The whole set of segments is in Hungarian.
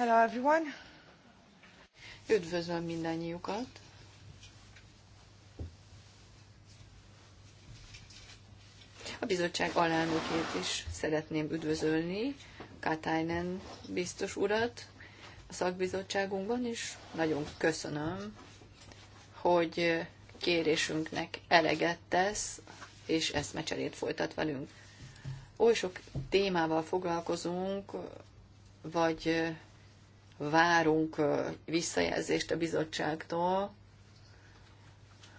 Hello everyone! Üdvözlöm mindannyiukat! A bizottság alelnökét is szeretném üdvözölni, Katainen biztos urat a szakbizottságunkban, is nagyon köszönöm, hogy kérésünknek eleget tesz, és eszmecserét folytat velünk. Oly sok témával foglalkozunk, vagy várunk visszajelzést a bizottságtól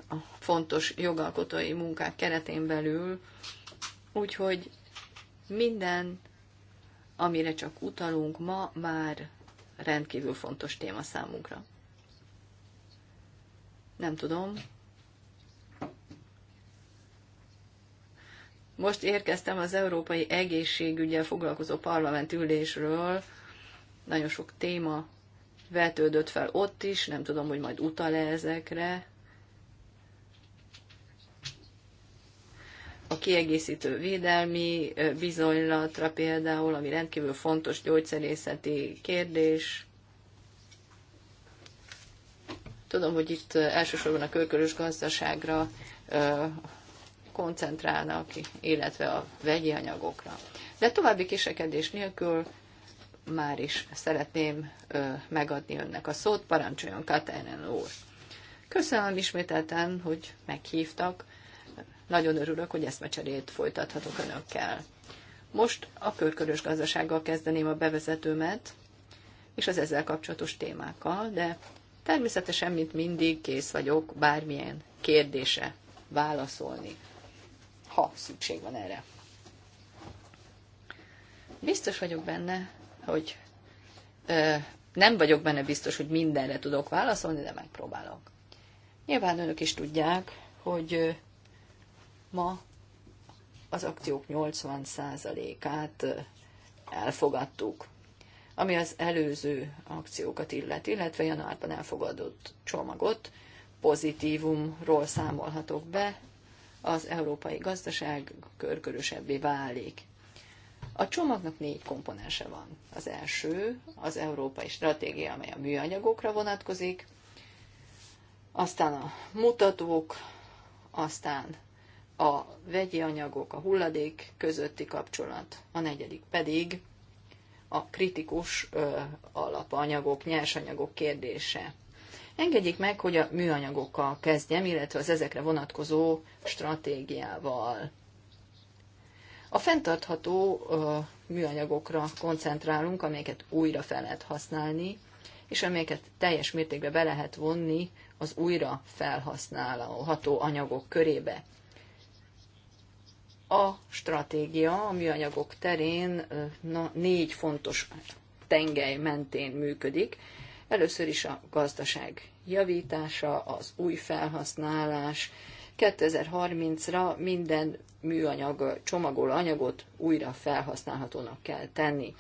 a fontos jogalkotói munkák keretén belül, úgyhogy minden, amire csak utalunk ma, már rendkívül fontos téma számunkra. Nem tudom. Most érkeztem az Európai Egészségügyel foglalkozó parlament ülésről, nagyon sok téma vetődött fel ott is, nem tudom, hogy majd utal-e ezekre. A kiegészítő védelmi bizonylatra például, ami rendkívül fontos gyógyszerészeti kérdés. Tudom, hogy itt elsősorban a körkörös gazdaságra koncentrálnak, illetve a vegyi anyagokra. De további kisekedés nélkül már is szeretném megadni önnek a szót. Parancsoljon, Katerin úr! Köszönöm ismételten, hogy meghívtak. Nagyon örülök, hogy eszmecserét folytathatok önökkel. Most a körkörös gazdasággal kezdeném a bevezetőmet, és az ezzel kapcsolatos témákkal, de természetesen, mint mindig, kész vagyok bármilyen kérdése válaszolni, ha szükség van erre. Biztos vagyok benne, hogy nem vagyok benne biztos, hogy mindenre tudok válaszolni, de megpróbálok. Nyilván önök is tudják, hogy ma az akciók 80%-át elfogadtuk, ami az előző akciókat illet, illetve januárban elfogadott csomagot pozitívumról számolhatok be, az európai gazdaság körkörösebbé válik. A csomagnak négy komponense van. Az első az európai stratégia, amely a műanyagokra vonatkozik, aztán a mutatók, aztán a vegyi anyagok, a hulladék közötti kapcsolat, a negyedik pedig a kritikus ö, alapanyagok, nyersanyagok kérdése. Engedjék meg, hogy a műanyagokkal kezdjem, illetve az ezekre vonatkozó stratégiával. A fenntartható műanyagokra koncentrálunk, amelyeket újra fel lehet használni, és amelyeket teljes mértékben be lehet vonni az újra felhasználható anyagok körébe. A stratégia a műanyagok terén na, négy fontos tengely mentén működik. Először is a gazdaság javítása, az új felhasználás, 2030-ra minden műanyag csomagoló anyagot újra felhasználhatónak kell tenni.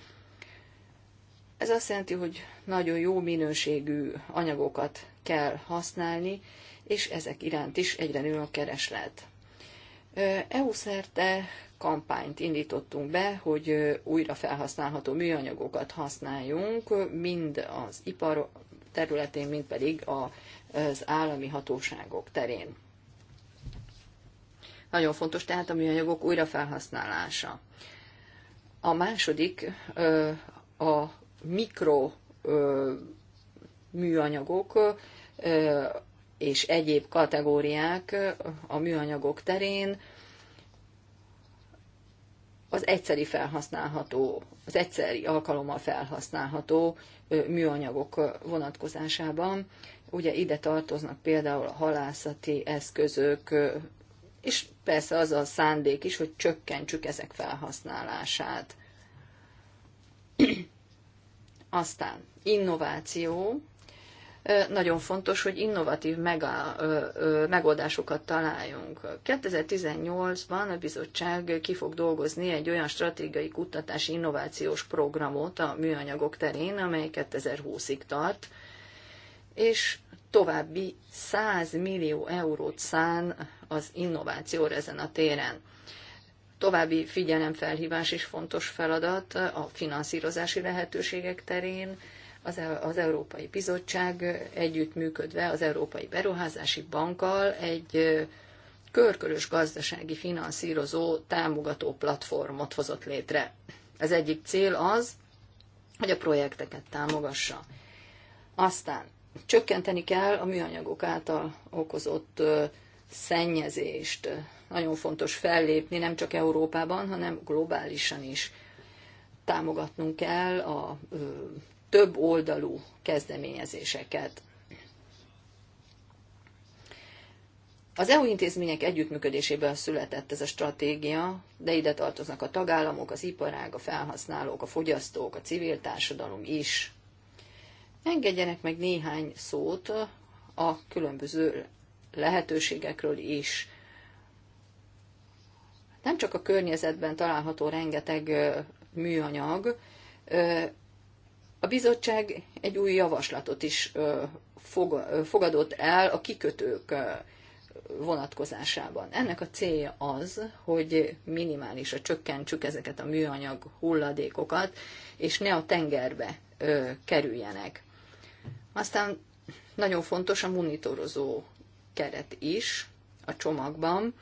Ez azt jelenti, hogy nagyon jó minőségű anyagokat kell használni, és ezek iránt is egyre nő a kereslet. EU szerte kampányt indítottunk be, hogy újra felhasználható műanyagokat használjunk, mind az ipar területén, mind pedig az állami hatóságok terén. Nagyon fontos tehát a műanyagok újrafelhasználása. A második a mikro műanyagok és egyéb kategóriák a műanyagok terén az egyszeri felhasználható, az egyszeri alkalommal felhasználható műanyagok vonatkozásában. Ugye ide tartoznak például a halászati eszközök, és persze az a szándék is, hogy csökkentsük ezek felhasználását. Aztán innováció. Nagyon fontos, hogy innovatív megoldásokat találjunk. 2018-ban a bizottság ki fog dolgozni egy olyan stratégiai kutatási innovációs programot a műanyagok terén, amely 2020-ig tart, és további 100 millió eurót szán az innovációra ezen a téren. További figyelemfelhívás is fontos feladat a finanszírozási lehetőségek terén, az, e- az Európai Bizottság együttműködve az Európai Beruházási Bankkal egy körkörös gazdasági finanszírozó támogató platformot hozott létre. Az egyik cél az, hogy a projekteket támogassa. Aztán csökkenteni kell a műanyagok által okozott szennyezést. Nagyon fontos fellépni nem csak Európában, hanem globálisan is. Támogatnunk kell a több oldalú kezdeményezéseket. Az EU intézmények együttműködésében született ez a stratégia, de ide tartoznak a tagállamok, az iparág, a felhasználók, a fogyasztók, a civil társadalom is. Engedjenek meg néhány szót a különböző lehetőségekről is. Nem csak a környezetben található rengeteg műanyag, a bizottság egy új javaslatot is fogadott el a kikötők vonatkozásában. Ennek a célja az, hogy minimálisra csökkentsük ezeket a műanyag hulladékokat, és ne a tengerbe kerüljenek. Aztán nagyon fontos a monitorozó keret is a csomagban.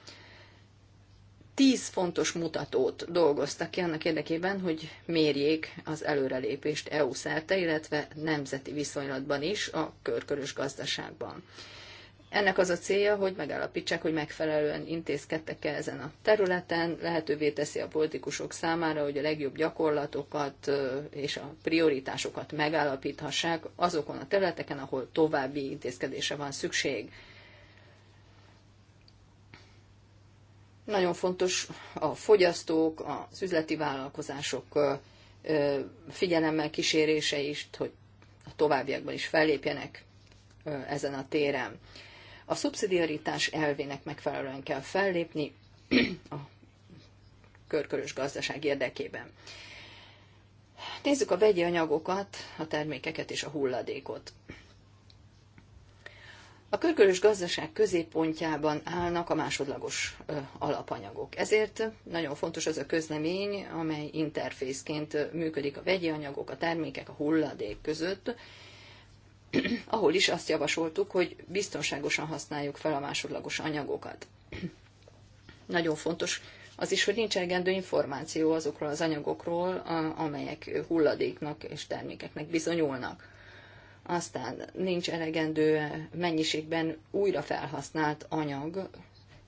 Tíz fontos mutatót dolgoztak ki annak érdekében, hogy mérjék az előrelépést EU szerte, illetve nemzeti viszonylatban is a körkörös gazdaságban. Ennek az a célja, hogy megállapítsák, hogy megfelelően intézkedtek-e ezen a területen, lehetővé teszi a politikusok számára, hogy a legjobb gyakorlatokat és a prioritásokat megállapíthassák azokon a területeken, ahol további intézkedése van szükség. Nagyon fontos a fogyasztók, az üzleti vállalkozások figyelemmel kísérése is, hogy a továbbiakban is fellépjenek ezen a téren. A szubszidiaritás elvének megfelelően kell fellépni a körkörös gazdaság érdekében. Nézzük a vegyi anyagokat, a termékeket és a hulladékot. A körkörös gazdaság középpontjában állnak a másodlagos alapanyagok. Ezért nagyon fontos az a közlemény, amely interfészként működik a vegyi anyagok, a termékek, a hulladék között, ahol is azt javasoltuk, hogy biztonságosan használjuk fel a másodlagos anyagokat. Nagyon fontos az is, hogy nincs elegendő információ azokról az anyagokról, amelyek hulladéknak és termékeknek bizonyulnak. Aztán nincs elegendő mennyiségben újra felhasznált anyag,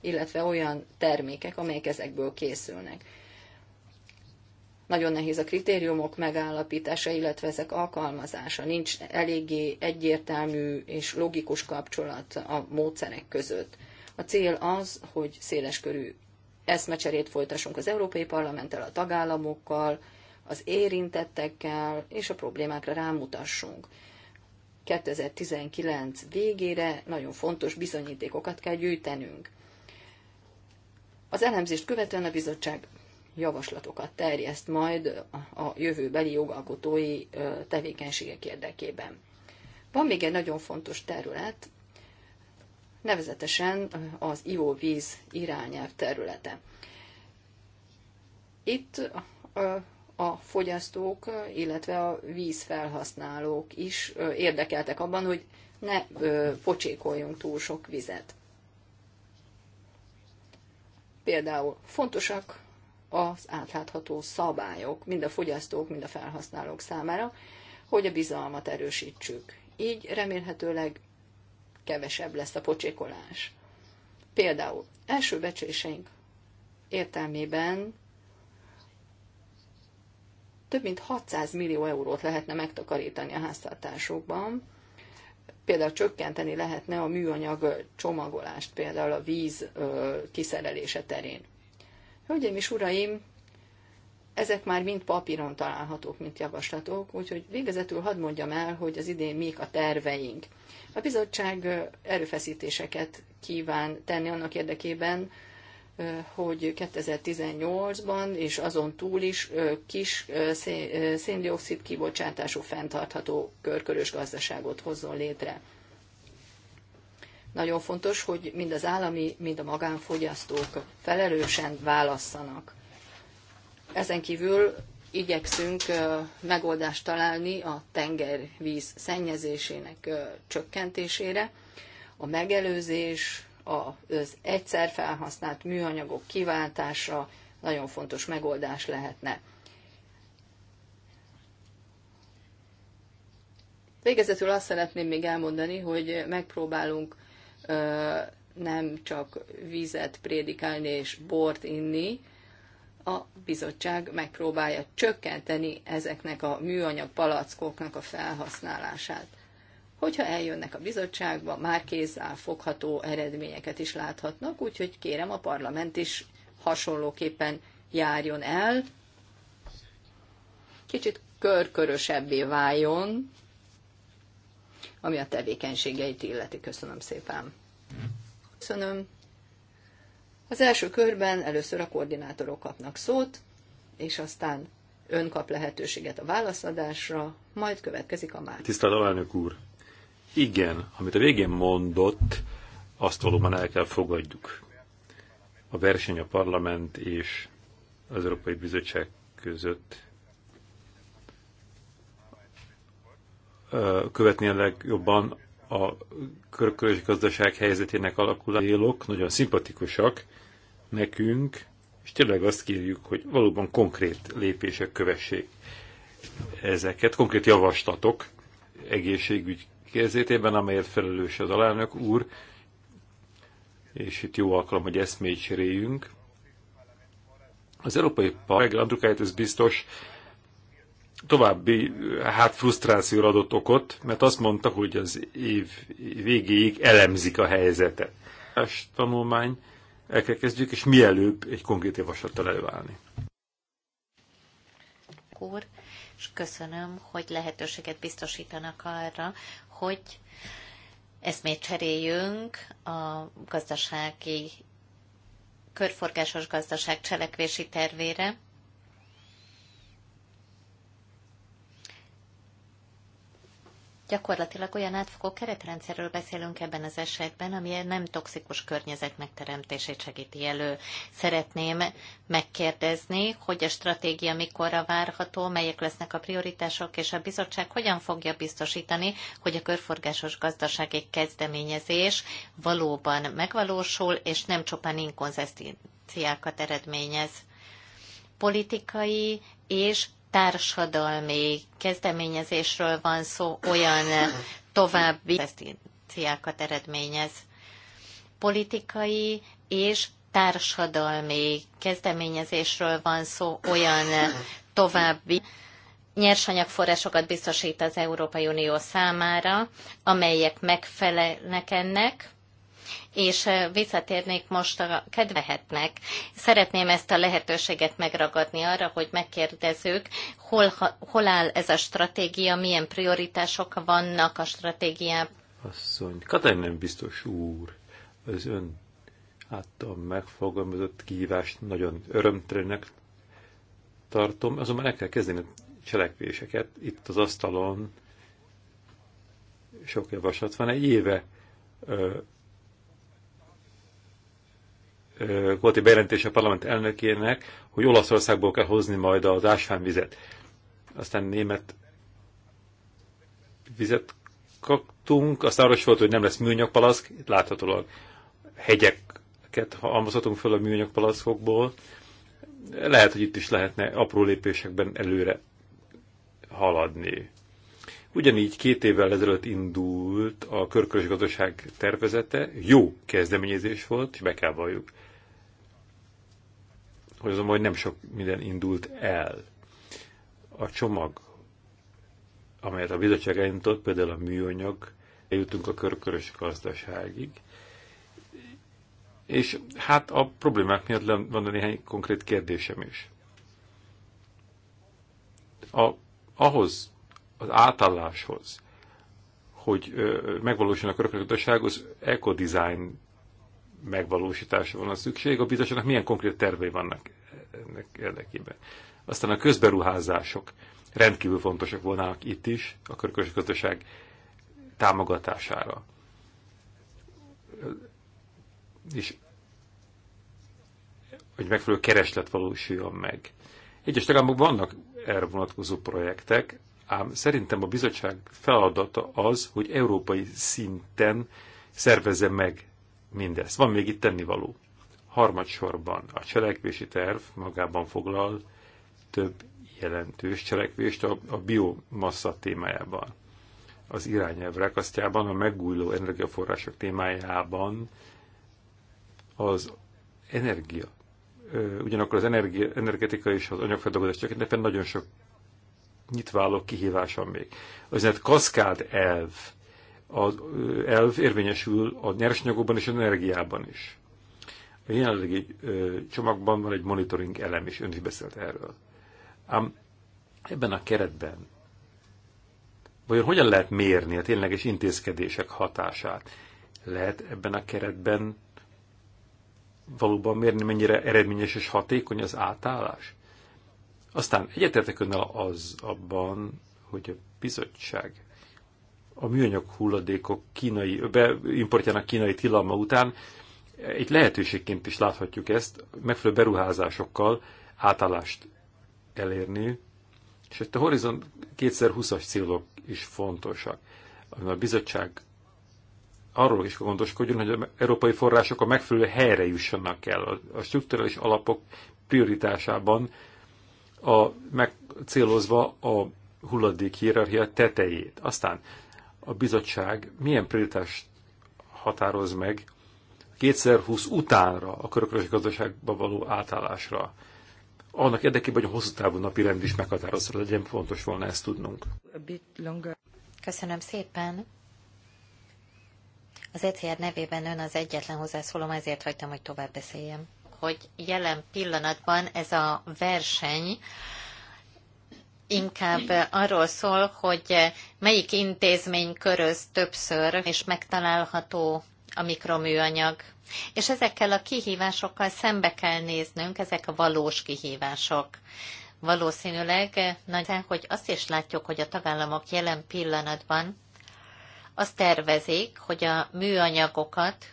illetve olyan termékek, amelyek ezekből készülnek. Nagyon nehéz a kritériumok megállapítása, illetve ezek alkalmazása. Nincs eléggé egyértelmű és logikus kapcsolat a módszerek között. A cél az, hogy széleskörű eszmecserét folytassunk az Európai Parlamenttel, a tagállamokkal, az érintettekkel, és a problémákra rámutassunk. 2019 végére nagyon fontos bizonyítékokat kell gyűjtenünk. Az elemzést követően a bizottság javaslatokat terjeszt majd a jövőbeli jogalkotói tevékenységek érdekében. Van még egy nagyon fontos terület, nevezetesen az ivóvíz irányelv területe. Itt a fogyasztók, illetve a vízfelhasználók is érdekeltek abban, hogy ne pocsékoljunk túl sok vizet. Például fontosak az átlátható szabályok, mind a fogyasztók, mind a felhasználók számára, hogy a bizalmat erősítsük. Így remélhetőleg kevesebb lesz a pocsékolás. Például első becséseink értelmében több mint 600 millió eurót lehetne megtakarítani a háztartásokban, például csökkenteni lehetne a műanyag csomagolást, például a víz kiszerelése terén. Hölgyeim és uraim, ezek már mind papíron találhatók, mint javaslatok, úgyhogy végezetül hadd mondjam el, hogy az idén mik a terveink. A bizottság erőfeszítéseket kíván tenni annak érdekében, hogy 2018-ban és azon túl is kis széndiokszid kibocsátású fenntartható körkörös gazdaságot hozzon létre. Nagyon fontos, hogy mind az állami, mind a magánfogyasztók felelősen válasszanak. Ezen kívül igyekszünk megoldást találni a tengervíz szennyezésének csökkentésére. A megelőzés, az egyszer felhasznált műanyagok kiváltása nagyon fontos megoldás lehetne. Végezetül azt szeretném még elmondani, hogy megpróbálunk nem csak vizet prédikálni és bort inni, a bizottság megpróbálja csökkenteni ezeknek a műanyag palackoknak a felhasználását. Hogyha eljönnek a bizottságba, már kézzel fogható eredményeket is láthatnak, úgyhogy kérem a parlament is hasonlóképpen járjon el, kicsit körkörösebbé váljon, ami a tevékenységeit illeti. Köszönöm szépen. Köszönöm. Az első körben először a koordinátorok kapnak szót, és aztán ön kap lehetőséget a válaszadásra, majd következik a második. Tisztelt alelnök úr! Igen, amit a végén mondott, azt valóban el kell fogadjuk. A verseny a parlament és az Európai Bizottság között követni a legjobban a körkörösi gazdaság helyzetének alakulálók, nagyon szimpatikusak nekünk, és tényleg azt kérjük, hogy valóban konkrét lépések kövessék ezeket, konkrét javaslatok egészségügy kérzétében, amelyet felelős az alelnök úr, és itt jó alkalom, hogy eszmét cseréljünk. Az Európai Parlament, ez biztos, további hát frusztrációra adott okot, mert azt mondta, hogy az év végéig elemzik a helyzetet. A tanulmány el kell kezdjük, és mielőbb egy konkrét javaslattal előállni. Úr, és köszönöm, hogy lehetőséget biztosítanak arra, hogy eszmét cseréljünk a gazdasági körforgásos gazdaság cselekvési tervére, Gyakorlatilag olyan átfogó keretrendszerről beszélünk ebben az esetben, ami nem toxikus környezet megteremtését segíti elő. Szeretném megkérdezni, hogy a stratégia mikorra várható, melyek lesznek a prioritások, és a bizottság hogyan fogja biztosítani, hogy a körforgásos gazdasági kezdeményezés valóban megvalósul, és nem csupán inkonzisztenciákat eredményez politikai és társadalmi kezdeményezésről van szó, olyan további investíciákat eredményez. Politikai és társadalmi kezdeményezésről van szó, olyan további nyersanyagforrásokat biztosít az Európai Unió számára, amelyek megfelelnek ennek, és visszatérnék most a kedvehetnek. Szeretném ezt a lehetőséget megragadni arra, hogy megkérdezők hol, hol áll ez a stratégia, milyen prioritások vannak a stratégiában. Asszony, Katalin nem biztos úr, az ön által megfogalmazott kihívást nagyon örömtelenek tartom, azonban el kell kezdeni a cselekvéseket. Itt az asztalon sok javaslat van. Egy éve ö, volt egy bejelentés a parlament elnökének, hogy Olaszországból kell hozni majd az ásványvizet. Aztán német vizet kaptunk, aztán arra is volt, hogy nem lesz műanyagpalaszk, itt láthatólag hegyeket halmozhatunk föl a műanyagpalaszkokból. Lehet, hogy itt is lehetne apró lépésekben előre haladni. Ugyanígy két évvel ezelőtt indult a körkörös gazdaság tervezete, jó kezdeményezés volt, és be kell valljuk azonban, hogy nem sok minden indult el. A csomag, amelyet a bizottság elindított, például a műanyag, eljutunk a körkörös gazdaságig, és hát a problémák miatt van néhány konkrét kérdésem is. A, ahhoz, az átálláshoz, hogy megvalósuljon a körkörös gazdaság, az ekodizájn megvalósításra van a szükség, a bizottságnak milyen konkrét tervei vannak ennek érdekében. Aztán a közberuházások rendkívül fontosak volnának itt is, a körkös gazdaság támogatására. És hogy megfelelő kereslet valósuljon meg. Egyes tagállamok vannak erre vonatkozó projektek, ám szerintem a bizottság feladata az, hogy európai szinten szervezze meg mindezt. Van még itt tennivaló. Harmadsorban a cselekvési terv magában foglal több jelentős cselekvést a, a biomassa témájában. Az irányelv rekasztjában, a megújuló energiaforrások témájában az energia, ugyanakkor az energia, energetika és az anyagfeldolgozás tekintetben nagyon sok nyitváló kihívás van még. Az kaszkád elv az elv érvényesül a nyersanyagokban és az energiában is. A jelenlegi csomagban van egy monitoring elem, és ön is beszélt erről. Ám ebben a keretben vajon hogyan lehet mérni a tényleges intézkedések hatását? Lehet ebben a keretben valóban mérni, mennyire eredményes és hatékony az átállás? Aztán egyetértek önnel az abban, hogy a bizottság a műanyag hulladékok kínai, be, importjának kínai tilalma után egy lehetőségként is láthatjuk ezt, megfelelő beruházásokkal átállást elérni, és itt a Horizon 2020-as célok is fontosak, amiben a bizottság arról is gondoskodjon, hogy az európai források a megfelelő helyre jussanak el. A strukturális alapok prioritásában a, megcélozva a hulladék hierarchia tetejét. Aztán a bizottság milyen prioritást határoz meg 2020 utánra a körökörös gazdaságba való átállásra. Annak érdekében, hogy a hosszú távú napi rend is meghatározza legyen, fontos volna ezt tudnunk. Köszönöm szépen. Az ECR nevében ön az egyetlen hozzászólom, ezért hagytam, hogy tovább beszéljem. Hogy jelen pillanatban ez a verseny, inkább arról szól, hogy melyik intézmény köröz többször, és megtalálható a mikroműanyag. És ezekkel a kihívásokkal szembe kell néznünk, ezek a valós kihívások. Valószínűleg, nagyon, hogy azt is látjuk, hogy a tagállamok jelen pillanatban azt tervezik, hogy a műanyagokat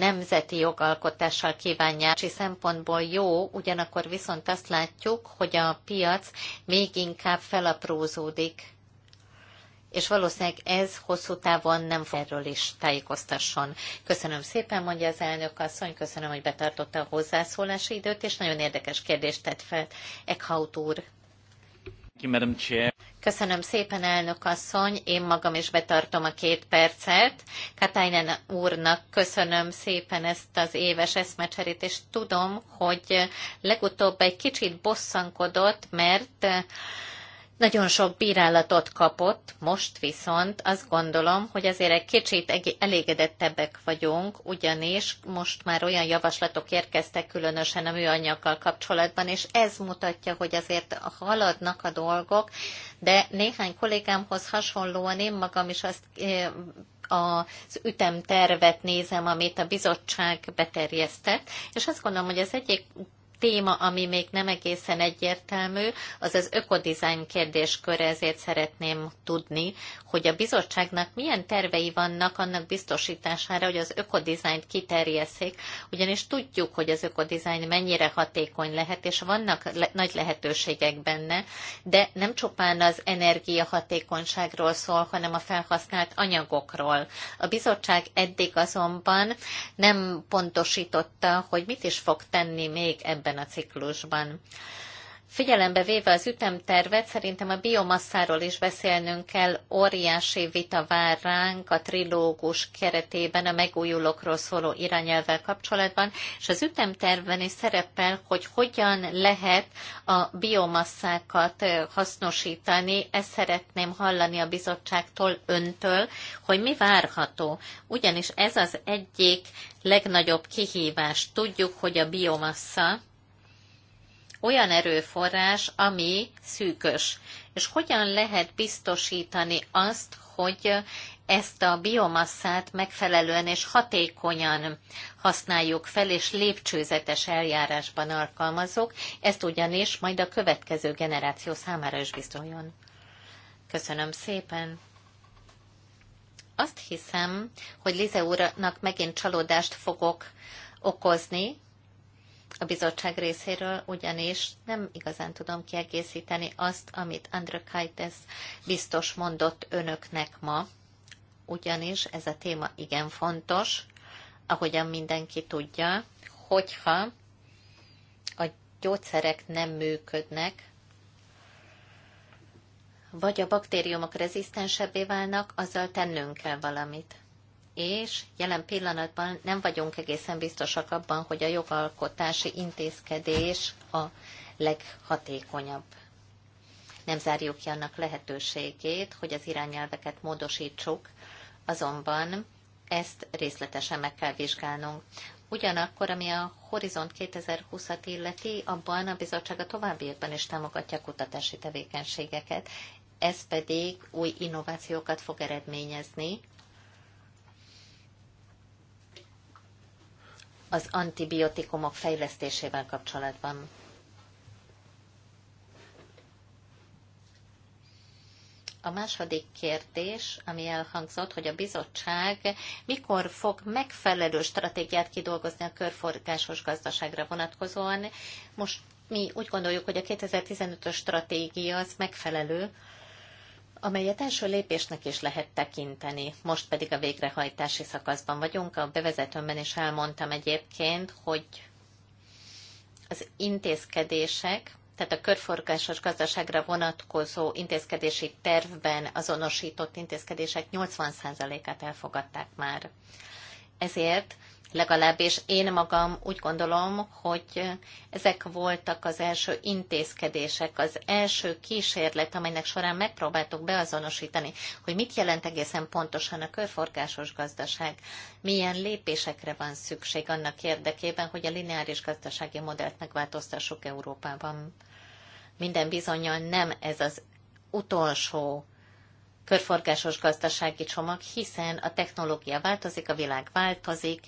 nemzeti jogalkotással kívánják. És szempontból jó, ugyanakkor viszont azt látjuk, hogy a piac még inkább felaprózódik. És valószínűleg ez hosszú távon nem fog erről is tájékoztasson. Köszönöm szépen, mondja az elnök asszony, köszönöm, hogy betartotta a hozzászólási időt, és nagyon érdekes kérdést tett fel Eckhout úr. Köszönöm szépen, elnök asszony. Én magam is betartom a két percet. Katájnen úrnak köszönöm szépen ezt az éves eszmecserét, és tudom, hogy legutóbb egy kicsit bosszankodott, mert nagyon sok bírálatot kapott, most viszont azt gondolom, hogy azért egy kicsit elégedettebbek vagyunk, ugyanis most már olyan javaslatok érkeztek különösen a műanyaggal kapcsolatban, és ez mutatja, hogy azért haladnak a dolgok, de néhány kollégámhoz hasonlóan én magam is azt eh, az ütemtervet nézem, amit a bizottság beterjesztett, és azt gondolom, hogy az egyik téma, ami még nem egészen egyértelmű, az az ökodizájn kérdésköre, ezért szeretném tudni, hogy a bizottságnak milyen tervei vannak annak biztosítására, hogy az ökodizájnt kiterjeszik, ugyanis tudjuk, hogy az ökodizájn mennyire hatékony lehet, és vannak le- nagy lehetőségek benne, de nem csupán az energiahatékonyságról szól, hanem a felhasznált anyagokról. A bizottság eddig azonban nem pontosította, hogy mit is fog tenni még ebben ebben a ciklusban. Figyelembe véve az ütemtervet, szerintem a biomasszáról is beszélnünk kell. Óriási vita vár ránk a trilógus keretében a megújulókról szóló irányelvvel kapcsolatban, és az ütemtervben is szerepel, hogy hogyan lehet a biomasszákat hasznosítani. Ezt szeretném hallani a bizottságtól, öntől, hogy mi várható. Ugyanis ez az egyik legnagyobb kihívás. Tudjuk, hogy a biomassa olyan erőforrás, ami szűkös. És hogyan lehet biztosítani azt, hogy ezt a biomasszát megfelelően és hatékonyan használjuk fel, és lépcsőzetes eljárásban alkalmazok, ezt ugyanis majd a következő generáció számára is biztoljon. Köszönöm szépen! Azt hiszem, hogy Lize úrnak megint csalódást fogok okozni, a bizottság részéről, ugyanis nem igazán tudom kiegészíteni azt, amit Andrökaitis biztos mondott önöknek ma, ugyanis ez a téma igen fontos, ahogyan mindenki tudja, hogyha a gyógyszerek nem működnek, vagy a baktériumok rezisztensebbé válnak, azzal tennünk kell valamit és jelen pillanatban nem vagyunk egészen biztosak abban, hogy a jogalkotási intézkedés a leghatékonyabb. Nem zárjuk ki annak lehetőségét, hogy az irányelveket módosítsuk, azonban ezt részletesen meg kell vizsgálnunk. Ugyanakkor, ami a Horizont 2020-at illeti, abban a bizottság a továbbiakban is támogatja kutatási tevékenységeket, ez pedig új innovációkat fog eredményezni, az antibiotikumok fejlesztésével kapcsolatban. A második kérdés, ami elhangzott, hogy a bizottság mikor fog megfelelő stratégiát kidolgozni a körforgásos gazdaságra vonatkozóan. Most mi úgy gondoljuk, hogy a 2015-ös stratégia az megfelelő, amelyet első lépésnek is lehet tekinteni. Most pedig a végrehajtási szakaszban vagyunk. A bevezetőmben is elmondtam egyébként, hogy az intézkedések, tehát a körforgásos gazdaságra vonatkozó intézkedési tervben azonosított intézkedések 80%-át elfogadták már. Ezért Legalábbis én magam úgy gondolom, hogy ezek voltak az első intézkedések, az első kísérlet, amelynek során megpróbáltuk beazonosítani, hogy mit jelent egészen pontosan a körforgásos gazdaság, milyen lépésekre van szükség annak érdekében, hogy a lineáris gazdasági modellt megváltoztassuk Európában. Minden bizonyal nem ez az utolsó körforgásos gazdasági csomag, hiszen a technológia változik, a világ változik,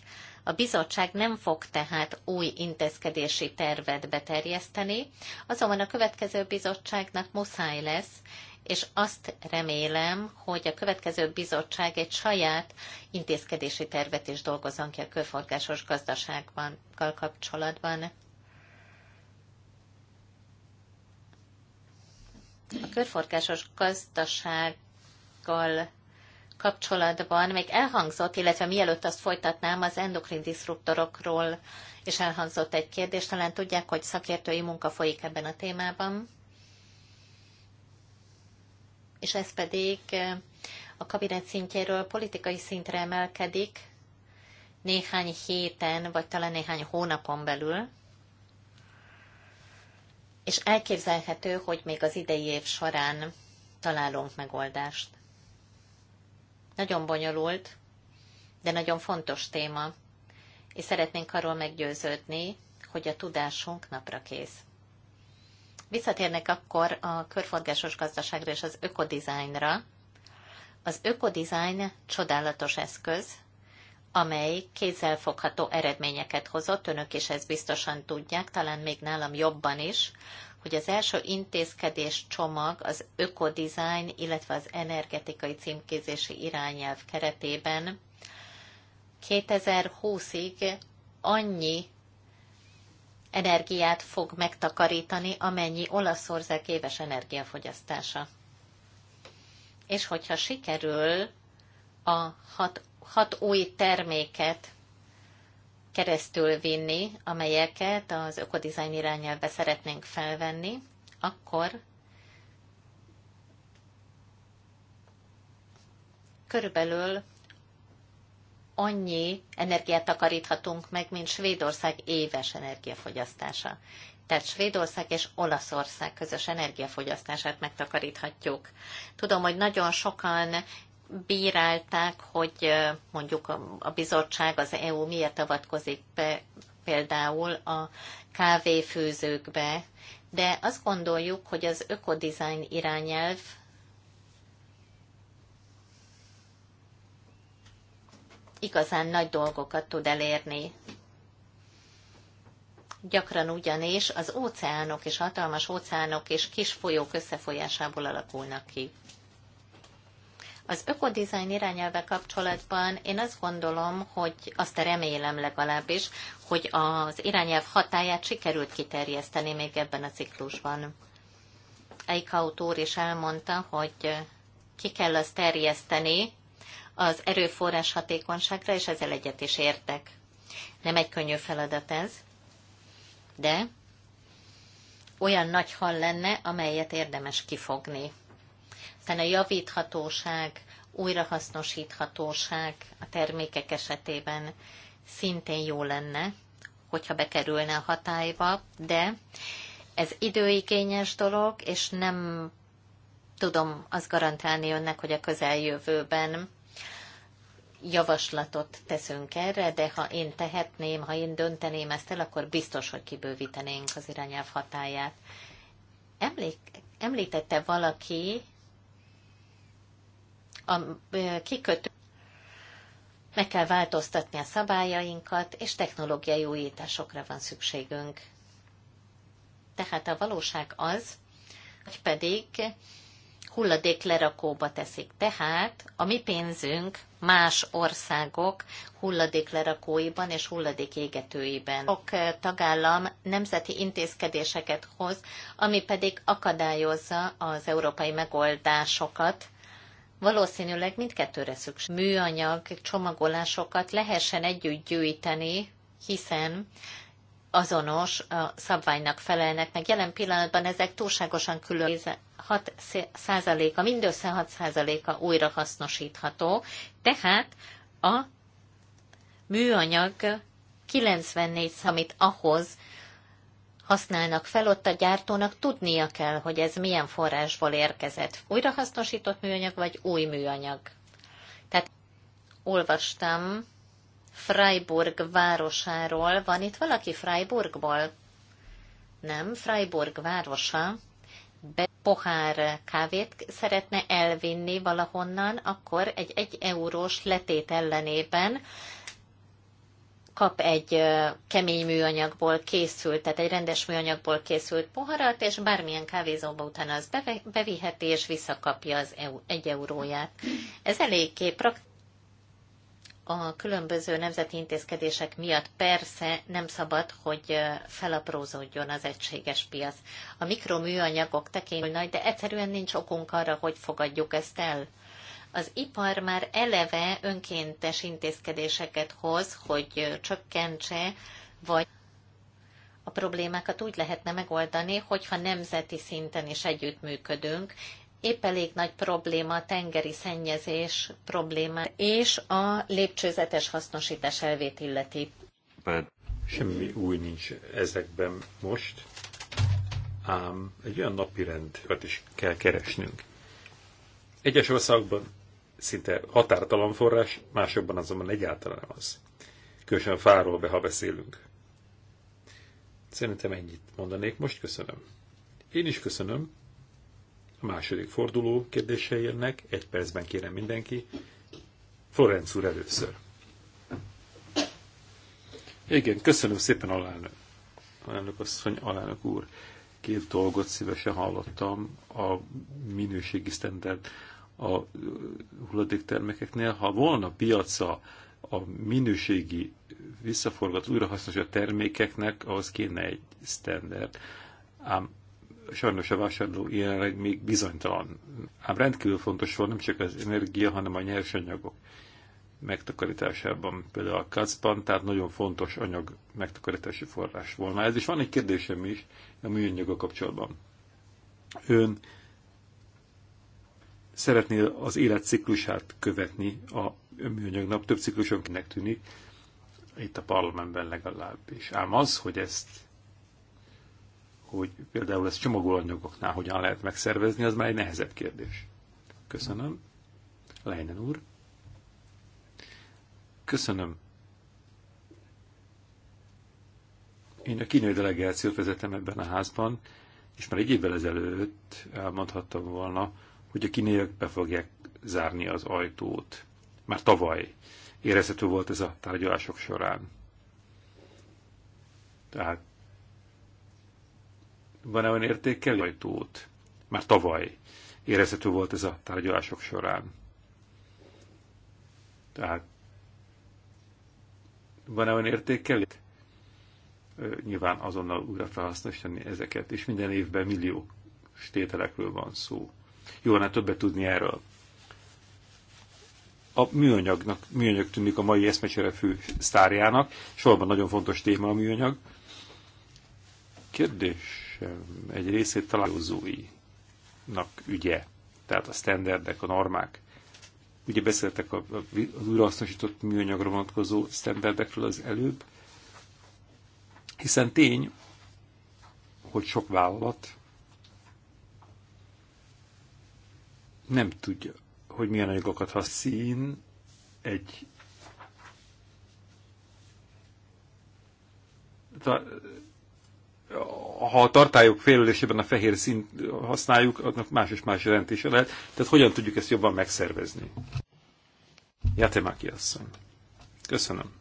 a bizottság nem fog tehát új intézkedési tervet beterjeszteni, azonban a következő bizottságnak muszáj lesz, és azt remélem, hogy a következő bizottság egy saját intézkedési tervet is dolgozzon ki a körforgásos gazdaságban kapcsolatban. A körforgásos gazdasággal kapcsolatban még elhangzott, illetve mielőtt azt folytatnám, az endokrin diszruptorokról és elhangzott egy kérdés. Talán tudják, hogy szakértői munka folyik ebben a témában. És ez pedig eh, a kabinet szintjéről politikai szintre emelkedik néhány héten, vagy talán néhány hónapon belül. És elképzelhető, hogy még az idei év során találunk megoldást. Nagyon bonyolult, de nagyon fontos téma, és szeretnénk arról meggyőződni, hogy a tudásunk napra kész. Visszatérnek akkor a körforgásos gazdaságra és az ökodizájnra. Az ökodizájn csodálatos eszköz, amely kézzelfogható eredményeket hozott, önök is ezt biztosan tudják, talán még nálam jobban is, hogy az első intézkedés csomag az ökodizájn, illetve az energetikai címkézési irányelv keretében 2020-ig annyi energiát fog megtakarítani, amennyi Olaszország éves energiafogyasztása. És hogyha sikerül a hat, hat új terméket keresztül vinni, amelyeket az ökodizájn irányelve szeretnénk felvenni, akkor körülbelül annyi energiát takaríthatunk meg, mint Svédország éves energiafogyasztása. Tehát Svédország és Olaszország közös energiafogyasztását megtakaríthatjuk. Tudom, hogy nagyon sokan bírálták, hogy mondjuk a bizottság, az EU miért avatkozik be például a kávéfőzőkbe, de azt gondoljuk, hogy az ökodizájn irányelv igazán nagy dolgokat tud elérni. Gyakran ugyanis az óceánok és hatalmas óceánok és kis folyók összefolyásából alakulnak ki. Az ökodizájn irányelve kapcsolatban én azt gondolom, hogy azt remélem legalábbis, hogy az irányelv hatáját sikerült kiterjeszteni még ebben a ciklusban. Eichhaut autór is elmondta, hogy ki kell azt terjeszteni az erőforrás hatékonyságra, és ezzel egyet is értek. Nem egy könnyű feladat ez, de olyan nagy hal lenne, amelyet érdemes kifogni hiszen a javíthatóság, újrahasznosíthatóság a termékek esetében szintén jó lenne, hogyha bekerülne a hatályba, de ez időigényes dolog, és nem tudom azt garantálni önnek, hogy a közeljövőben javaslatot teszünk erre, de ha én tehetném, ha én dönteném ezt el, akkor biztos, hogy kibővítenénk az irányelv hatáját. Emlék, említette valaki a kikötő meg kell változtatni a szabályainkat, és technológiai újításokra van szükségünk. Tehát a valóság az, hogy pedig hulladék teszik. Tehát a mi pénzünk más országok hulladék és hulladék égetőiben. Sok tagállam nemzeti intézkedéseket hoz, ami pedig akadályozza az európai megoldásokat, Valószínűleg mindkettőre szükség. Műanyag csomagolásokat lehessen együtt gyűjteni, hiszen azonos a szabványnak felelnek meg. Jelen pillanatban ezek túlságosan külön 6 százaléka, mindössze 6 százaléka újra hasznosítható, tehát a műanyag 94 amit ahhoz használnak fel, ott a gyártónak tudnia kell, hogy ez milyen forrásból érkezett. Újrahasznosított műanyag, vagy új műanyag. Tehát olvastam Freiburg városáról. Van itt valaki Freiburgból? Nem, Freiburg városa. Be pohár kávét szeretne elvinni valahonnan, akkor egy egy eurós letét ellenében kap egy kemény műanyagból készült, tehát egy rendes műanyagból készült poharat, és bármilyen kávézóba utána az beviheti, és visszakapja az EU, egy euróját. Ez eléggé praktikus. A különböző nemzeti intézkedések miatt persze nem szabad, hogy felaprózódjon az egységes piac. A mikroműanyagok tekintő nagy, de egyszerűen nincs okunk arra, hogy fogadjuk ezt el az ipar már eleve önkéntes intézkedéseket hoz, hogy csökkentse, vagy a problémákat úgy lehetne megoldani, hogyha nemzeti szinten is együttműködünk. Épp elég nagy probléma a tengeri szennyezés probléma és a lépcsőzetes hasznosítás elvét illeti. Bár semmi új nincs ezekben most, ám egy olyan napi rendet is kell keresnünk. Egyes országban szinte határtalan forrás, másokban azonban egyáltalán nem az. Különösen fáról be, ha beszélünk. Szerintem ennyit mondanék most, köszönöm. Én is köszönöm. A második forduló kérdése jönnek, egy percben kérem mindenki. Florenc úr először. Igen, köszönöm szépen alelnök. Alelnök asszony, alelnök úr. Két dolgot szívesen hallottam, a minőségi standard a hulladéktermékeknél, ha volna piaca a minőségi visszaforgat újrahasznos termékeknek, ahhoz kéne egy standard. Ám sajnos a vásárló jelenleg még bizonytalan. Ám rendkívül fontos volt nem csak az energia, hanem a nyersanyagok megtakarításában, például a kacban, tehát nagyon fontos anyag megtakarítási forrás volna. Ez is van egy kérdésem is a műanyagok kapcsolatban. Ön Szeretnél az életciklusát követni a műanyagnak, több ciklusonkinek tűnik, itt a parlamentben legalábbis. Ám az, hogy ezt, hogy például ezt csomagolanyagoknál hogyan lehet megszervezni, az már egy nehezebb kérdés. Köszönöm. Leinen úr. Köszönöm. Én a kínai delegációt vezetem ebben a házban, és már egy évvel ezelőtt elmondhattam volna, hogy a kínaiak be fogják zárni az ajtót. Már tavaly érezhető volt ez a tárgyalások során. Tehát van-e olyan értékkel ajtót? Már tavaly érezhető volt ez a tárgyalások során. Tehát van-e olyan értékkel? nyilván azonnal újra felhasználni ezeket, és minden évben millió stételekről van szó. Jó lenne többet tudni erről. A műanyagnak, műanyag tűnik a mai eszmecsere fő sztárjának, sorban nagyon fontos téma a műanyag. Kérdésem egy részét találkozóinak ügye, tehát a standardek, a normák. Ugye beszéltek az újrahasznosított műanyagra vonatkozó standardekről az előbb, hiszen tény, hogy sok vállalat nem tudja, hogy milyen anyagokat használ. Szín egy ha a tartályok félülésében a fehér színt használjuk, annak más és más jelentése lehet. Tehát hogyan tudjuk ezt jobban megszervezni? Jatemáki asszony. Köszönöm.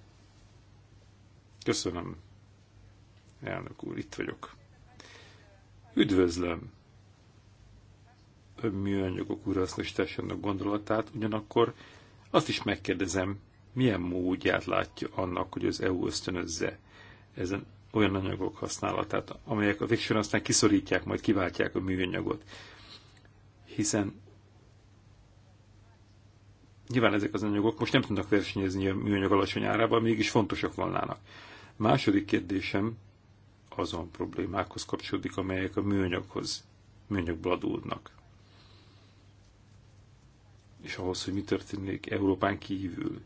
Köszönöm. Elnök úr, itt vagyok. Üdvözlöm műanyagok újrahasznosításának gondolatát, ugyanakkor azt is megkérdezem, milyen módját látja annak, hogy az EU ösztönözze ezen olyan anyagok használatát, amelyek a végsőn aztán kiszorítják, majd kiváltják a műanyagot. Hiszen nyilván ezek az anyagok most nem tudnak versenyezni a műanyag alacsony árában, mégis fontosak vannának. Második kérdésem azon problémákhoz kapcsolódik, amelyek a műanyaghoz, műanyagból adódnak és ahhoz, hogy mi történik Európán kívül.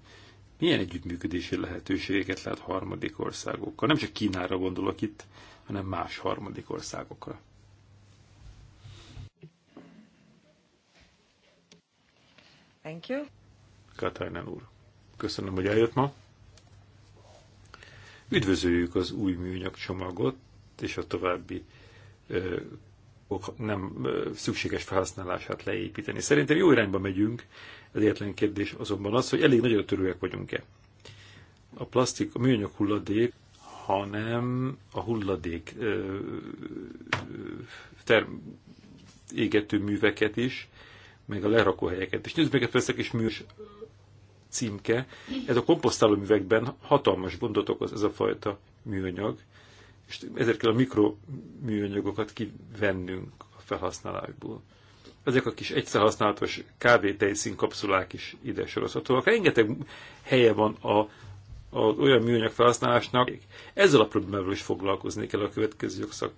Milyen együttműködési lehetőségeket lehet harmadik országokkal? Nem csak Kínára gondolok itt, hanem más harmadik országokra. Thank you. Katajnán úr, köszönöm, hogy eljött ma. Üdvözöljük az új műanyag csomagot és a további fog nem szükséges felhasználását leépíteni. Szerintem jó irányba megyünk, az egyetlen kérdés azonban az, hogy elég nagyon törőek vagyunk-e. A plastik, a műanyag hulladék, hanem a hulladék ter, égető műveket is, meg a lerakóhelyeket is. Nézd meg, veszek hát is műs címke. Ez a komposztáló művekben hatalmas gondot okoz ez a fajta műanyag és ezért kell a mikroműanyagokat kivennünk a felhasználásból. Ezek a kis egyszerhasználatos kávé-tejszín kapszulák is ide sorozhatóak. Rengeteg helye van a, a olyan műanyag felhasználásnak. Ezzel a problémával is foglalkozni kell a következő jogszak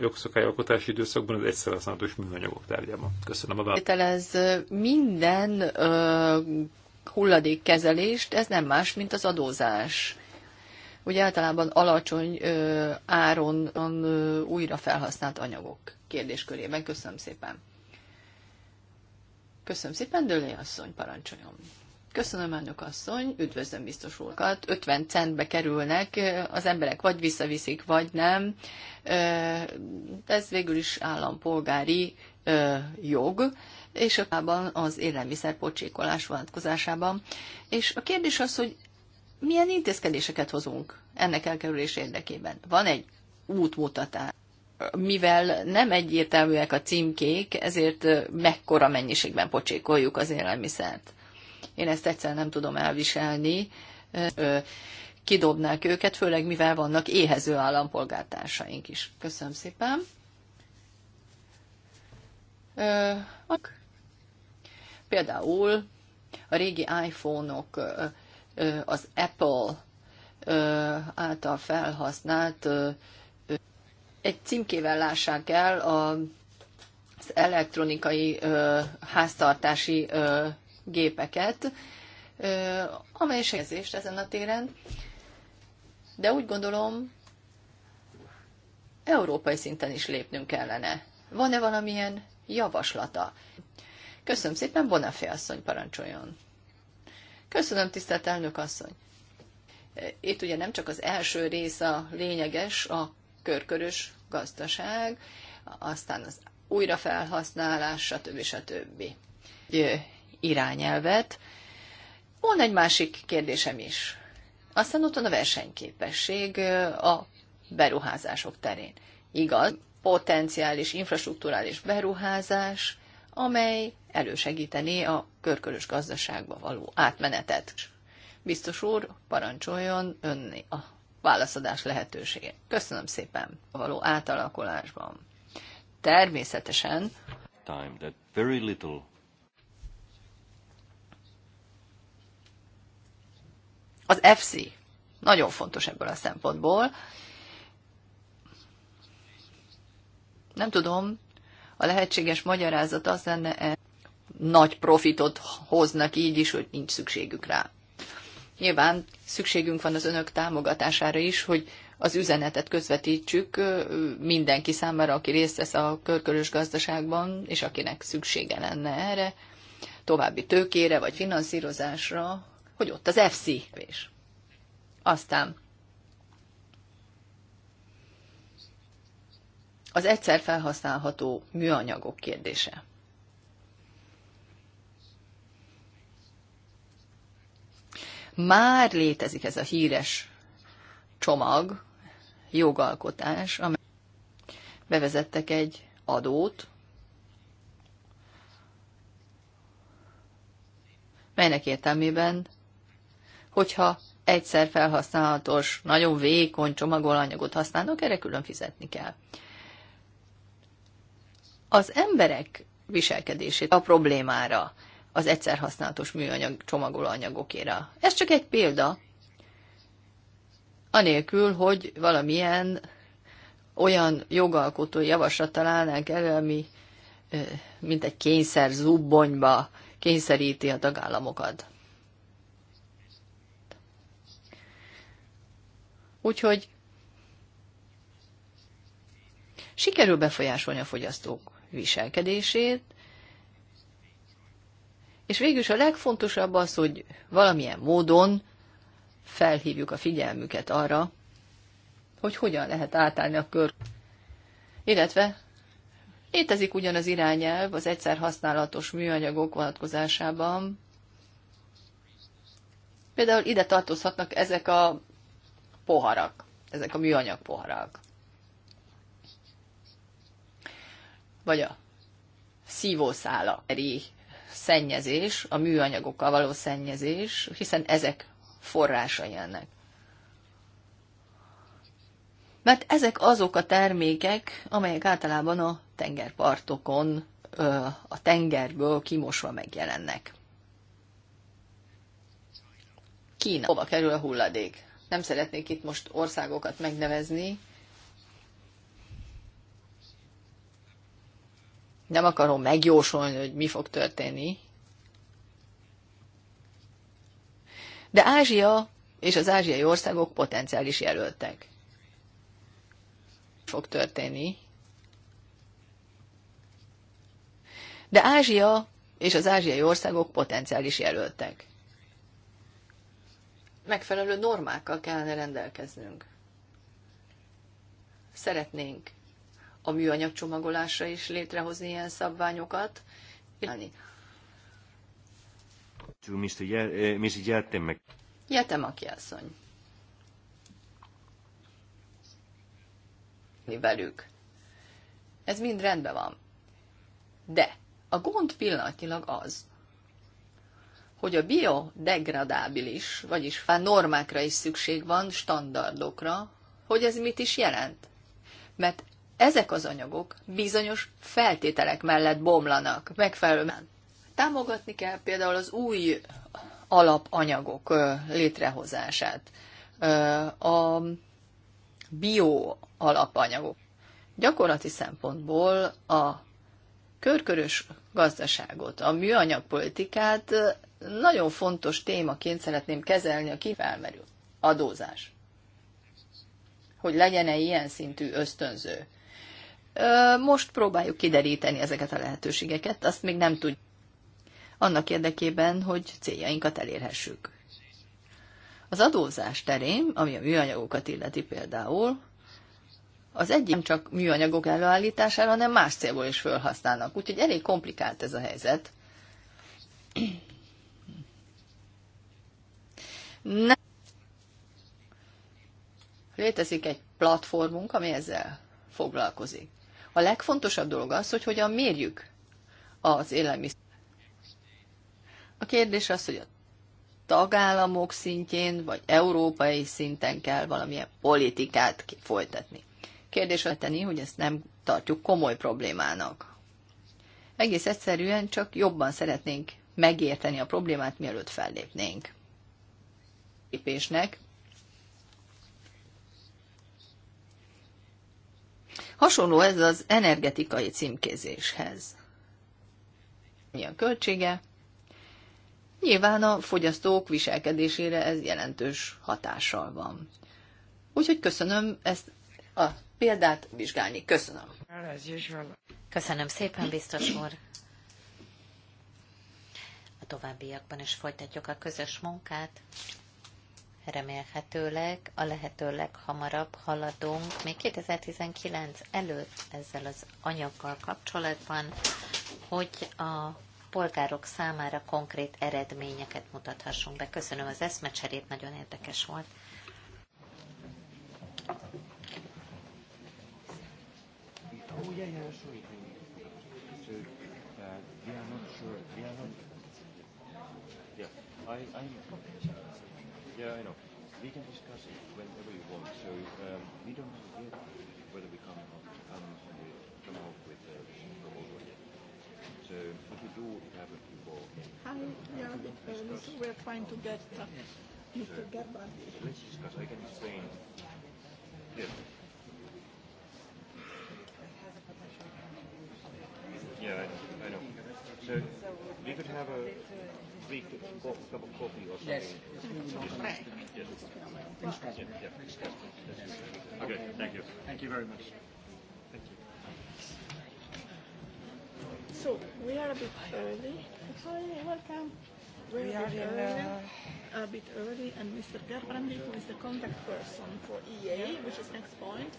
jogszabályalkotási időszakban az egyszerhasználatos műanyagok tárgyában. Köszönöm a választ. Ez minden ö, hulladékkezelést, ez nem más, mint az adózás hogy általában alacsony ö, áron ö, újra felhasznált anyagok kérdéskörében. Köszönöm szépen. Köszönöm szépen, Dölé asszony, parancsoljon. Köszönöm, elnök asszony, üdvözlöm biztos úrkat. 50 centbe kerülnek, az emberek vagy visszaviszik, vagy nem. Ez végül is állampolgári jog, és akában az élelmiszer pocsékolás vonatkozásában. És a kérdés az, hogy milyen intézkedéseket hozunk ennek elkerülés érdekében. Van egy útmutatás. Mivel nem egyértelműek a címkék, ezért mekkora mennyiségben pocsékoljuk az élelmiszert. Én ezt egyszer nem tudom elviselni. Kidobnák őket, főleg mivel vannak éhező állampolgártársaink is. Köszönöm szépen. Például a régi iPhone-ok -ok az Apple által felhasznált egy címkével lássák el az elektronikai háztartási gépeket, amely segítést ezen a téren, de úgy gondolom, európai szinten is lépnünk kellene. Van-e valamilyen javaslata? Köszönöm szépen, Bonafé asszony parancsoljon. Köszönöm, tisztelt elnök asszony. Itt ugye nem csak az első rész a lényeges, a körkörös gazdaság, aztán az újrafelhasználás, stb. stb. Egy irányelvet. Van egy másik kérdésem is. Aztán ott van a versenyképesség a beruházások terén. Igaz, potenciális infrastruktúrális beruházás, amely elősegítené a körkörös gazdaságba való átmenetet. Biztos úr, parancsoljon önni a válaszadás lehetőségét. Köszönöm szépen a való átalakulásban. Természetesen time that very little az FC nagyon fontos ebből a szempontból. Nem tudom, a lehetséges magyarázat az lenne, -e, nagy profitot hoznak így is, hogy nincs szükségük rá. Nyilván szükségünk van az önök támogatására is, hogy az üzenetet közvetítsük eh, mindenki számára, aki részt vesz a körkörös gazdaságban, és akinek szüksége lenne erre, további tőkére vagy finanszírozásra, hogy ott az FC Aztán az egyszer felhasználható műanyagok kérdése. Már létezik ez a híres csomag, jogalkotás, amely bevezettek egy adót, melynek értelmében, hogyha egyszer felhasználatos, nagyon vékony csomagolanyagot használnak, erre külön fizetni kell az emberek viselkedését a problémára, az egyszer használatos műanyag csomagolóanyagokére. Ez csak egy példa, anélkül, hogy valamilyen olyan jogalkotói javaslat találnánk elő, ami mint egy kényszer zubbonyba kényszeríti a tagállamokat. Úgyhogy sikerül befolyásolni a fogyasztók viselkedését, és végül a legfontosabb az, hogy valamilyen módon felhívjuk a figyelmüket arra, hogy hogyan lehet átállni a kör. Illetve létezik ugyan az irányelv az egyszer használatos műanyagok vonatkozásában. Például ide tartozhatnak ezek a poharak, ezek a műanyag poharak. vagy a szívószála szennyezés, a műanyagokkal való szennyezés, hiszen ezek forrásai ennek. Mert ezek azok a termékek, amelyek általában a tengerpartokon, a tengerből kimosva megjelennek. Kína. Hova kerül a hulladék? Nem szeretnék itt most országokat megnevezni, nem akarom megjósolni, hogy mi fog történni. De Ázsia és az ázsiai országok potenciális jelöltek. Fog történni. De Ázsia és az ázsiai országok potenciális jelöltek. Megfelelő normákkal kellene rendelkeznünk. Szeretnénk a műanyag csomagolásra is létrehozni ilyen szabványokat. Mr. Jettemek. Eh, Jetemaki asszony. velük. Ez mind rendben van. De a gond pillanatilag az, hogy a biodegradábilis, vagyis fán normákra is szükség van, standardokra, hogy ez mit is jelent. Mert ezek az anyagok bizonyos feltételek mellett bomlanak megfelelően. Támogatni kell például az új alapanyagok létrehozását, a bio alapanyagok. Gyakorlati szempontból a körkörös gazdaságot, a műanyagpolitikát nagyon fontos témaként szeretném kezelni, a felmerül. Adózás. Hogy legyen-e ilyen szintű ösztönző. Most próbáljuk kideríteni ezeket a lehetőségeket, azt még nem tudjuk. Annak érdekében, hogy céljainkat elérhessük. Az adózás terén, ami a műanyagokat illeti például, az egyik nem csak műanyagok előállítására, hanem más célból is felhasználnak. Úgyhogy elég komplikált ez a helyzet. Ne. Létezik egy platformunk, ami ezzel foglalkozik. A legfontosabb dolog az, hogy hogyan mérjük az élelmiszer. A kérdés az, hogy a tagállamok szintjén, vagy európai szinten kell valamilyen politikát folytatni. Kérdés a tenni, hogy ezt nem tartjuk komoly problémának. Egész egyszerűen csak jobban szeretnénk megérteni a problémát, mielőtt fellépnénk. Lépésnek Hasonló ez az energetikai címkézéshez. Mi a költsége? Nyilván a fogyasztók viselkedésére ez jelentős hatással van. Úgyhogy köszönöm ezt a példát vizsgálni. Köszönöm. Köszönöm szépen, biztos úr. A továbbiakban is folytatjuk a közös munkát remélhetőleg a lehető leghamarabb haladunk még 2019 előtt ezzel az anyaggal kapcsolatban, hogy a polgárok számára konkrét eredményeket mutathassunk be. Köszönöm az eszmecserét, nagyon érdekes volt. yeah, not sure. not. Yeah, I know. We can discuss it whenever you want. So um, we don't know yet whether we come up, come, with, come up with a proposal yet. So if we do have a few more. Hi, yeah, um, we're trying to get uh, Mr. Gerber. So let's discuss. I can explain. Yeah. Yeah, I know. So we could have a thank you. very much. Thank you. So, we are a bit early. Hi, welcome. We're we are in early, uh, a bit early, and Mr. Gerbrandi, who is the contact person for e EA, which is next point,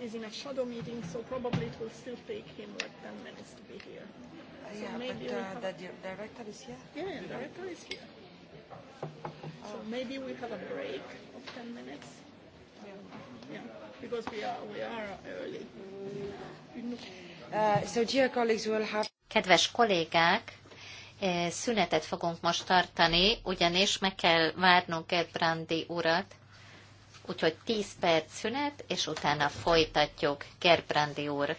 is in a shadow meeting, so probably it will still take him like 10 minutes to be here yeah, so maybe but uh, have... the director is here? Yeah, the director is here. So oh. maybe we have a break of minutes. Yeah, because we are, we are early. Uh, so dear colleagues, have... Kedves kollégák, eh, szünetet fogunk most tartani, ugyanis meg kell várnunk Gerbrandi urat, úgyhogy 10 perc szünet, és utána folytatjuk. Gerbrandi úr,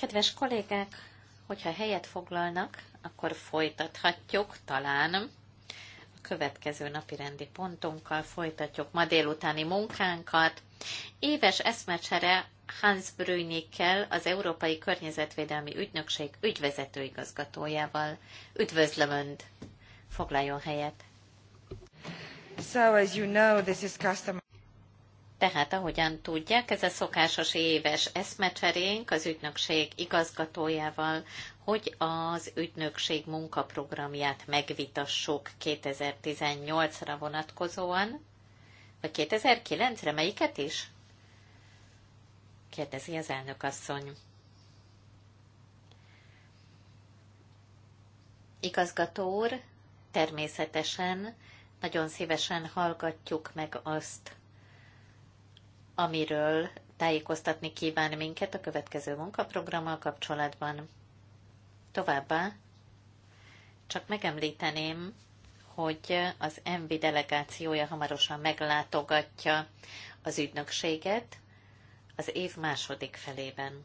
Kedves kollégák, hogyha helyet foglalnak, akkor folytathatjuk talán a következő napi rendi pontunkkal, folytatjuk ma délutáni munkánkat. Éves eszmecsere Hans Brünnikkel, az Európai Környezetvédelmi Ügynökség ügyvezető igazgatójával. Üdvözlöm Önt! Foglaljon helyet! So, as you know, this is custom tehát, ahogyan tudják, ez a szokásos éves eszmecserénk az ügynökség igazgatójával, hogy az ügynökség munkaprogramját megvitassuk 2018-ra vonatkozóan, vagy 2009-re, melyiket is? kérdezi az elnök asszony. Igazgató úr, természetesen nagyon szívesen hallgatjuk meg azt, amiről tájékoztatni kíván minket a következő munkaprogrammal kapcsolatban. Továbbá csak megemlíteném, hogy az ENVI delegációja hamarosan meglátogatja az ügynökséget az év második felében.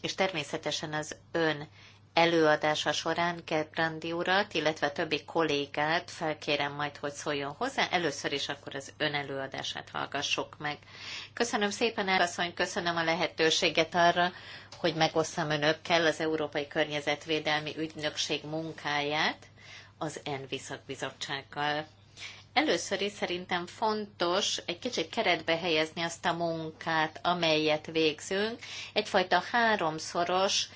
És természetesen az ön előadása során Gerbrandi urat, illetve a többi kollégát felkérem majd, hogy szóljon hozzá. Először is akkor az ön előadását hallgassuk meg. Köszönöm szépen, elkasszony, köszönöm a lehetőséget arra, hogy megosszam önökkel az Európai Környezetvédelmi Ügynökség munkáját az Enviszak Bizottsággal. Először is szerintem fontos egy kicsit keretbe helyezni azt a munkát, amelyet végzünk, egyfajta háromszoros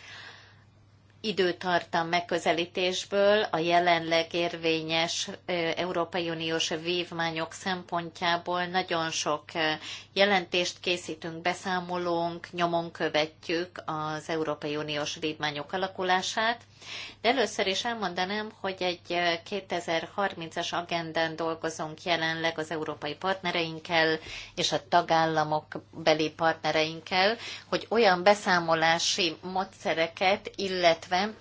időtartam megközelítésből a jelenleg érvényes Európai Uniós vívmányok szempontjából nagyon sok jelentést készítünk, beszámolunk, nyomon követjük az Európai Uniós vívmányok alakulását. De először is elmondanám, hogy egy 2030-as agendán dolgozunk jelenleg az európai partnereinkkel és a tagállamok beli partnereinkkel, hogy olyan beszámolási módszereket, illetve illetve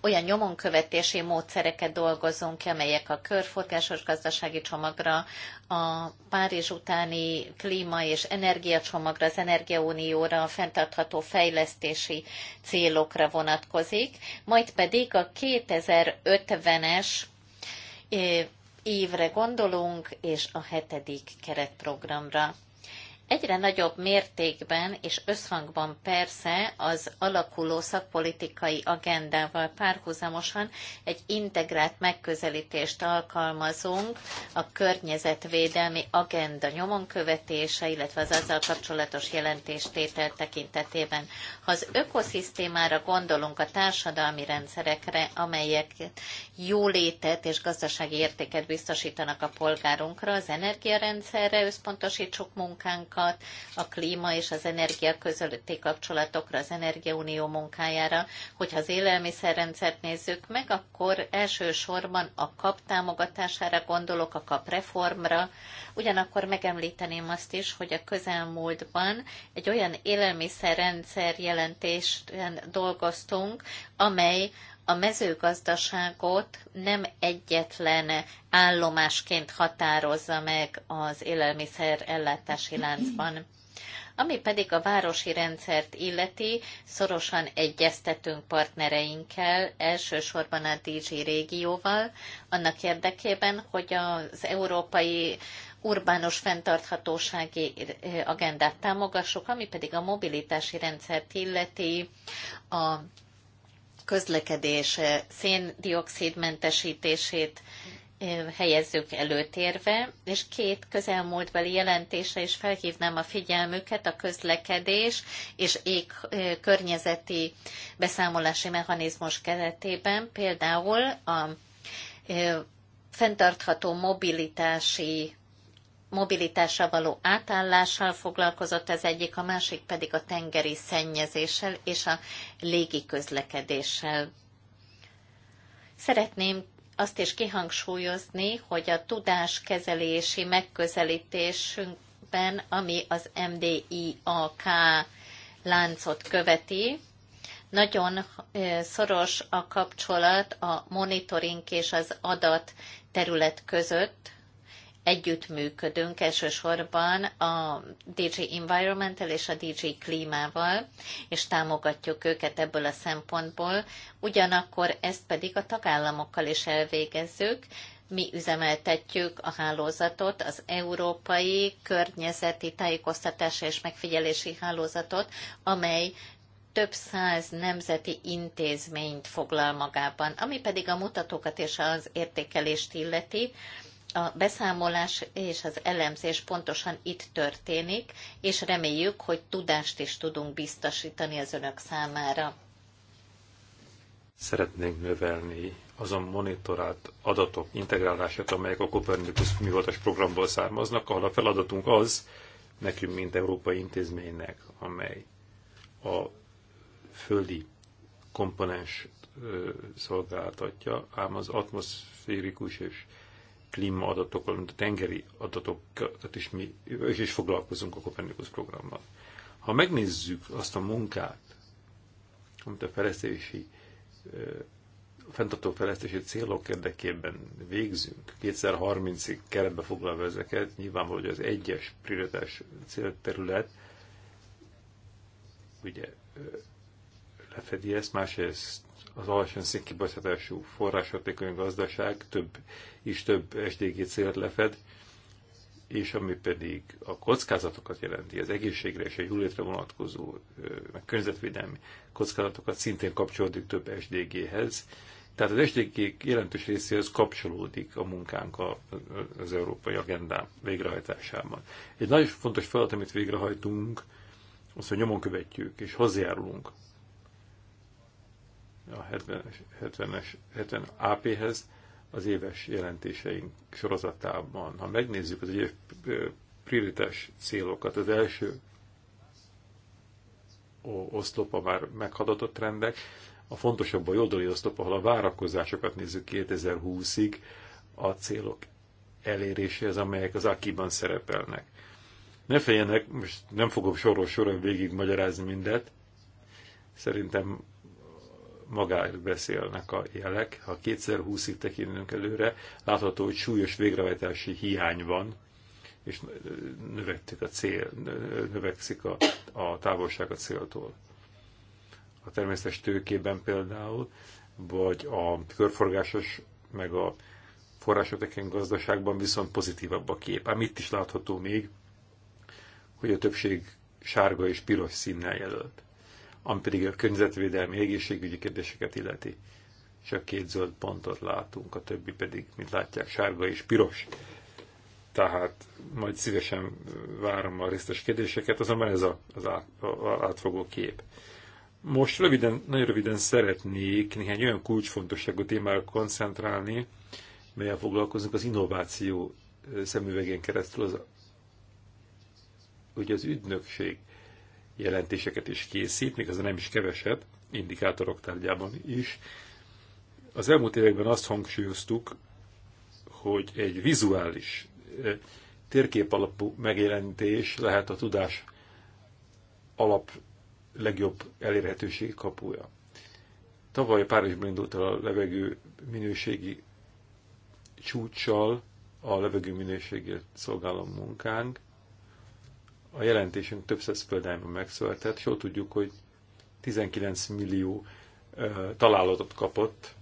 olyan nyomonkövetési módszereket dolgozunk ki, amelyek a körforgásos gazdasági csomagra, a Párizs utáni klíma és energiacsomagra, az energiaunióra, a fenntartható fejlesztési célokra vonatkozik, majd pedig a 2050-es eh, évre gondolunk, és a hetedik keretprogramra. Egyre nagyobb mértékben és összhangban persze az alakuló szakpolitikai agendával párhuzamosan egy integrált megközelítést alkalmazunk a környezetvédelmi agenda nyomon követése, illetve az azzal kapcsolatos jelentéstétel tekintetében. Ha az ökoszisztémára gondolunk a társadalmi rendszerekre, amelyek jólétet és gazdasági értéket biztosítanak a polgárunkra, az energiarendszerre összpontosítsuk munkánkat, kihat a klíma és az energia közötti kapcsolatokra, az Energiaunió munkájára. Hogyha az élelmiszerrendszert nézzük meg, akkor elsősorban a kap támogatására gondolok, a kap reformra. Ugyanakkor megemlíteném azt is, hogy a közelmúltban egy olyan élelmiszerrendszer jelentésen dolgoztunk, amely a mezőgazdaságot nem egyetlen állomásként határozza meg az élelmiszer ellátási láncban. Ami pedig a városi rendszert illeti, szorosan egyeztetünk partnereinkkel, elsősorban a DG régióval, annak érdekében, hogy az európai urbánus fenntarthatósági eh, agendát támogassuk, ami pedig a mobilitási rendszert illeti, a közlekedés eh, széndiokszidmentesítését eh, helyezzük előtérve, és két közelmúltbeli jelentése is felhívnám a figyelmüket a közlekedés és ég eh, környezeti beszámolási mechanizmus keretében, például a fenntartható mobilitási mobilitásra való átállással foglalkozott az egyik, a másik pedig a tengeri szennyezéssel és a légi közlekedéssel. Szeretném azt is kihangsúlyozni, hogy a tudáskezelési megközelítésünkben, ami az MDIAK láncot követi, nagyon szoros a kapcsolat a monitoring és az adat terület között, együttműködünk elsősorban a DG Environmental és a DG Klímával, és támogatjuk őket ebből a szempontból. Ugyanakkor ezt pedig a tagállamokkal is elvégezzük, mi üzemeltetjük a hálózatot, az Európai Környezeti Tájékoztatása és Megfigyelési Hálózatot, amely több száz nemzeti intézményt foglal magában. Ami pedig a mutatókat és az értékelést illeti, a beszámolás és az elemzés pontosan itt történik, és reméljük, hogy tudást is tudunk biztosítani az önök számára. Szeretnénk növelni azon monitorált adatok integrálását, amelyek a Copernicus műholdas programból származnak, ahol a feladatunk az, nekünk, mint európai intézménynek, amely a földi komponens szolgáltatja, ám az atmoszférikus és klímaadatokkal, mint a tengeri adatokat is mi és is foglalkozunk a Copernicus programmal. Ha megnézzük azt a munkát, amit a fejlesztési fenntartó fejlesztési célok érdekében végzünk, 2030-ig keretbe foglalva ezeket, nyilvánvaló, hogy az egyes prioritás célterület ugye lefedi ezt, másrészt az alacsony szénkibocsátású forráshatékony gazdaság több és több SDG célt lefed, és ami pedig a kockázatokat jelenti, az egészségre és a jólétre vonatkozó, meg környezetvédelmi kockázatokat szintén kapcsolódik több SDG-hez. Tehát az SDG jelentős részéhez kapcsolódik a munkánk az európai agendám végrehajtásában. Egy nagyon fontos feladat, amit végrehajtunk, az, hogy nyomon követjük és hozzájárulunk a 70-es, 70-es, 70 es 70 ap hez az éves jelentéseink sorozatában. Ha megnézzük az egyes prioritás célokat, az első oszlopa már meghadatott trendek, a fontosabb a jódoli oszlop, ahol a várakozásokat nézzük 2020-ig, a célok eléréséhez, amelyek az akiban szerepelnek. Ne fejjenek, most nem fogom sorról végig magyarázni mindet, szerintem magáért beszélnek a jelek. Ha 2020-ig tekintünk előre, látható, hogy súlyos végrehajtási hiány van, és növektük a cél, növekszik a, a távolság a céltól. A természetes tőkében például, vagy a körforgásos, meg a forrásoteken gazdaságban viszont pozitívabb a kép. Ám itt is látható még, hogy a többség sárga és piros színnel jelölt ami pedig a környezetvédelmi egészségügyi kérdéseket illeti. Csak két zöld pontot látunk, a többi pedig, mint látják, sárga és piros. Tehát majd szívesen várom a részletes kérdéseket, azonban ez a, az átfogó kép. Most röviden, nagyon röviden szeretnék néhány olyan kulcsfontosságú témára koncentrálni, melyel foglalkozunk az innováció szemüvegén keresztül, az, ugye az ügynökség jelentéseket is készít, még az nem is keveset, indikátorok tárgyában is. Az elmúlt években azt hangsúlyoztuk, hogy egy vizuális eh, térkép alapú megjelentés lehet a tudás alap legjobb elérhetőség kapuja. Tavaly Párizsban indult el a levegő minőségi csúcssal, a levegő minőségét szolgáló munkánk, a jelentésünk több száz példányban megszületett, és ott tudjuk, hogy 19 millió találatot kapott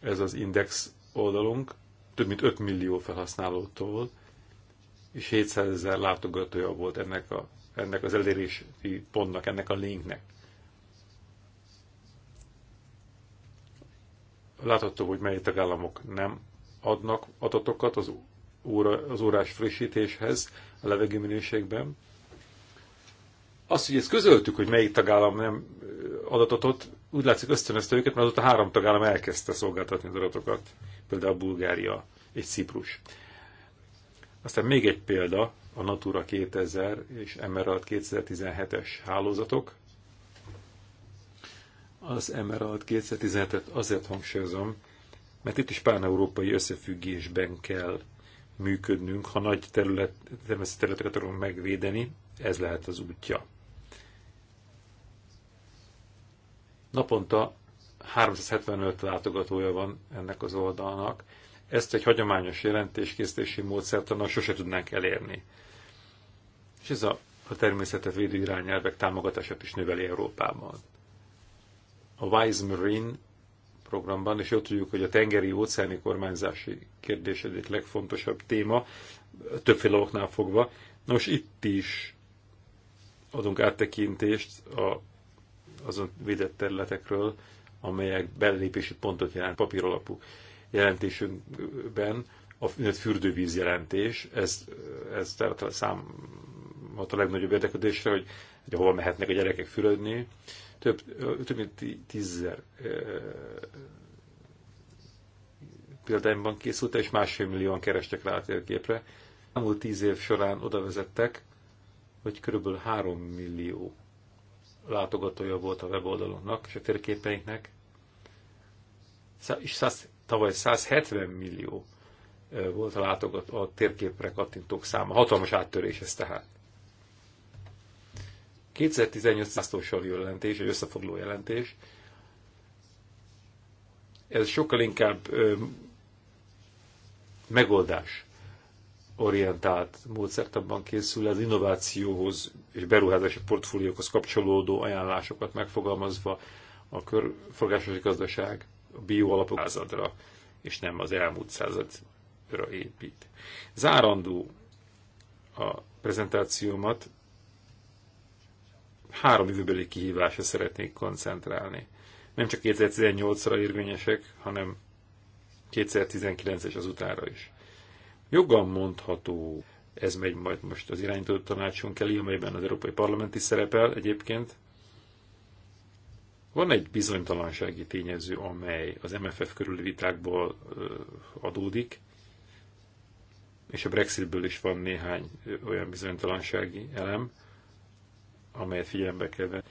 ez az index oldalunk, több mint 5 millió felhasználótól, és 700 ezer látogatója volt ennek, a, ennek az elérési pontnak, ennek a linknek. Látható, hogy mely tagállamok nem adnak adatokat az, óra, az órás frissítéshez a levegőminőségben, azt, hogy ezt közöltük, hogy melyik tagállam nem adatot ott, úgy látszik ösztönözte őket, mert ott a három tagállam elkezdte szolgáltatni az adatokat, például Bulgária és Ciprus. Aztán még egy példa, a Natura 2000 és Emerald 2017-es hálózatok. Az Emerald 2017-et azért hangsúlyozom, mert itt is pán-európai összefüggésben kell működnünk, ha nagy terület, természeti területeket akarunk megvédeni, ez lehet az útja. Naponta 375 látogatója van ennek az oldalnak. Ezt egy hagyományos jelentéskészítési módszertannal sose tudnánk elérni. És ez a, a természetet védő irányelvek támogatását is növeli Európában. A Wise Marine programban, és ott tudjuk, hogy a tengeri óceáni kormányzási kérdés egyik legfontosabb téma, többféle oknál fogva. Nos, itt is adunk áttekintést a azon védett területekről, amelyek belépési pontot jelent papíralapú jelentésünkben, a fürdővíz jelentés, ez, ez tehát a számot a legnagyobb érdeklődésre, hogy, hogy hova mehetnek a gyerekek fürödni. Több, több mint tízzer példányban készült, és másfél millióan kerestek rá a térképre. Elmúlt tíz év során oda vezettek, hogy körülbelül három millió látogatója volt a weboldalunknak és a térképeinknek. És 100, tavaly 170 millió volt a, látogat, a térképre kattintók száma. Hatalmas áttörés ez tehát. 2018 szásztósal jelentés, egy összefogló jelentés. Ez sokkal inkább ö, megoldás orientált módszertabban készül, az innovációhoz és beruházási portfóliókhoz kapcsolódó ajánlásokat megfogalmazva a körfogásos gazdaság a bioalapok századra, és nem az elmúlt századra épít. Zárandó a prezentációmat három jövőbeli kihívásra szeretnék koncentrálni. Nem csak 2018-ra érvényesek, hanem 2019 es az utára is. Jogan mondható, ez megy majd most az irányító tanácson kell, amelyben az Európai Parlament is szerepel egyébként. Van egy bizonytalansági tényező, amely az MFF körüli vitákból adódik, és a Brexitből is van néhány olyan bizonytalansági elem, amelyet figyelembe kell venni.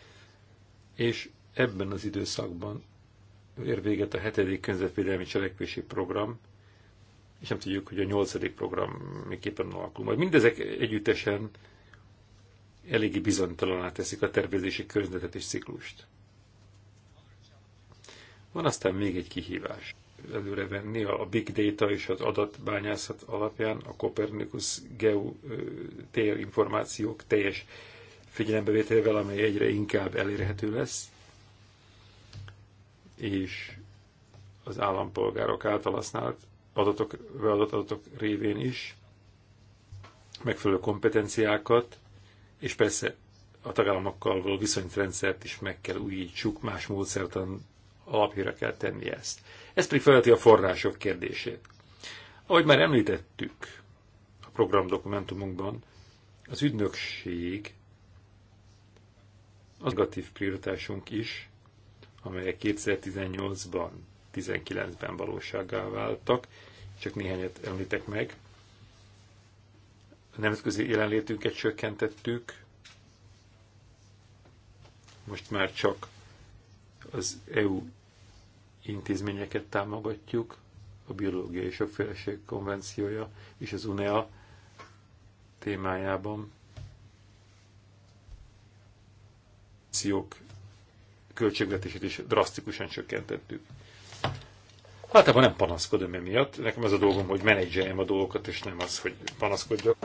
És ebben az időszakban ér véget a hetedik környezetvédelmi cselekvési program, és nem tudjuk, hogy a nyolcadik program miképpen alakul. Majd mindezek együttesen eléggé bizonytalaná teszik a tervezési környezetet és ciklust. Van aztán még egy kihívás. Előre venni a big data és az adatbányászat alapján a Copernicus geo tér információk teljes figyelembevételével, amely egyre inkább elérhető lesz, és az állampolgárok által használt adatok, beadott adatok révén is, megfelelő kompetenciákat, és persze a tagállamokkal való viszonyrendszert is meg kell újítsuk, más módszertan alapjára kell tenni ezt. Ez pedig feleti a források kérdését. Ahogy már említettük a programdokumentumunkban, az ügynökség az negatív prioritásunk is, amelyek 2018-ban 2019-ben valósággá váltak, csak néhányat említek meg. A nemzetközi jelenlétünket csökkentettük, most már csak az EU intézményeket támogatjuk, a Biológiai és a Félség konvenciója és az UNEA témájában. Sziók költségvetését is drasztikusan csökkentettük. Általában nem panaszkodom emiatt, nekem az a dolgom, hogy menedzseljem a dolgokat, és nem az, hogy panaszkodjak.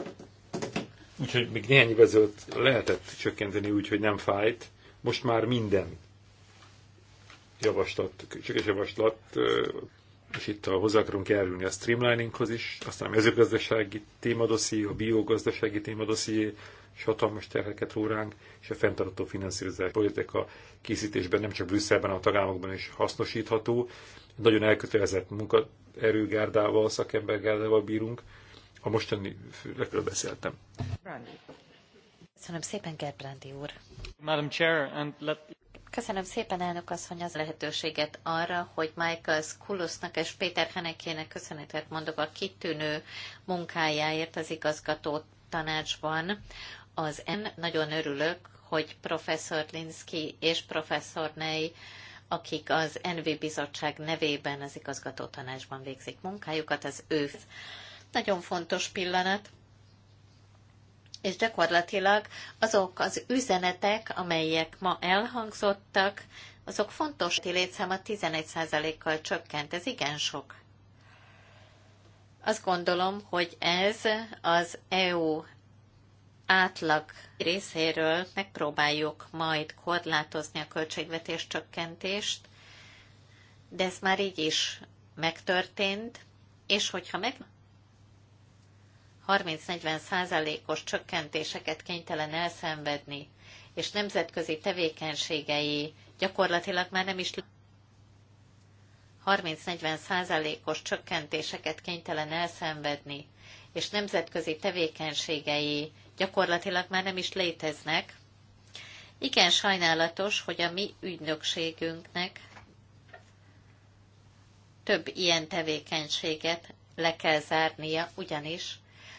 Úgyhogy még néhány évvel lehetett csökkenteni úgy, hogy nem fájt. Most már minden javaslat, csak egy javaslat, és itt a, hozzá akarunk elrülni a streamlininghoz is, aztán a mezőgazdasági témadoszi, a biogazdasági témadoszi, és hatalmas terheket óránk, és a fenntartó finanszírozás politika készítésben nem csak Brüsszelben, hanem a tagállamokban is hasznosítható, nagyon elkötelezett munkaerőgárdával, szakembergárdával bírunk. A mostani főnökről beszéltem. Köszönöm szépen, Gerbrandi úr. Madam Chair, and let... Köszönöm szépen, elnök asszony, az lehetőséget arra, hogy Michael Skulusznak és Péter Henekének köszönetet mondok a kitűnő munkájáért az igazgató tanácsban. Az en nagyon örülök, hogy professzor Linsky és professzor Ney akik az NV Bizottság nevében az igazgató tanácsban végzik munkájukat, az ősz. Nagyon fontos pillanat, és gyakorlatilag azok az üzenetek, amelyek ma elhangzottak, azok fontos létszáma 11%-kal csökkent, ez igen sok. Azt gondolom, hogy ez az EU átlag részéről megpróbáljuk majd korlátozni a költségvetés csökkentést, de ez már így is megtörtént, és hogyha meg 30-40 százalékos csökkentéseket kénytelen elszenvedni, és nemzetközi tevékenységei gyakorlatilag már nem is 30-40 százalékos csökkentéseket kénytelen elszenvedni, és nemzetközi tevékenységei gyakorlatilag már nem is léteznek. Igen sajnálatos, hogy a mi ügynökségünknek több ilyen tevékenységet le kell zárnia, ugyanis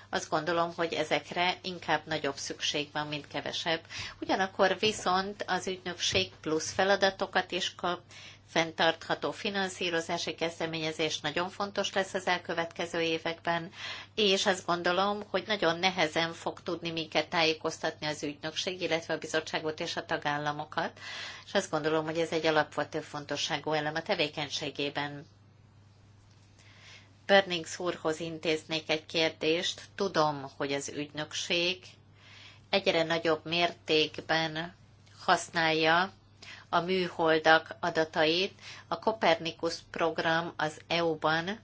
azt gondolom, hogy ezekre inkább nagyobb szükség van, mint kevesebb. Ugyanakkor viszont az ügynökség plusz feladatokat is kap, fenntartható finanszírozási kezdeményezés nagyon fontos lesz az elkövetkező években, és azt gondolom, hogy nagyon nehezen fog tudni minket tájékoztatni az ügynökség, illetve a bizottságot és a tagállamokat, és azt gondolom, hogy ez egy alapvető fontosságú elem a tevékenységében. Bernings úrhoz intéznék egy kérdést. Tudom, hogy az ügynökség egyre nagyobb mértékben használja a műholdak adatait. A Kopernikus program az EU-ban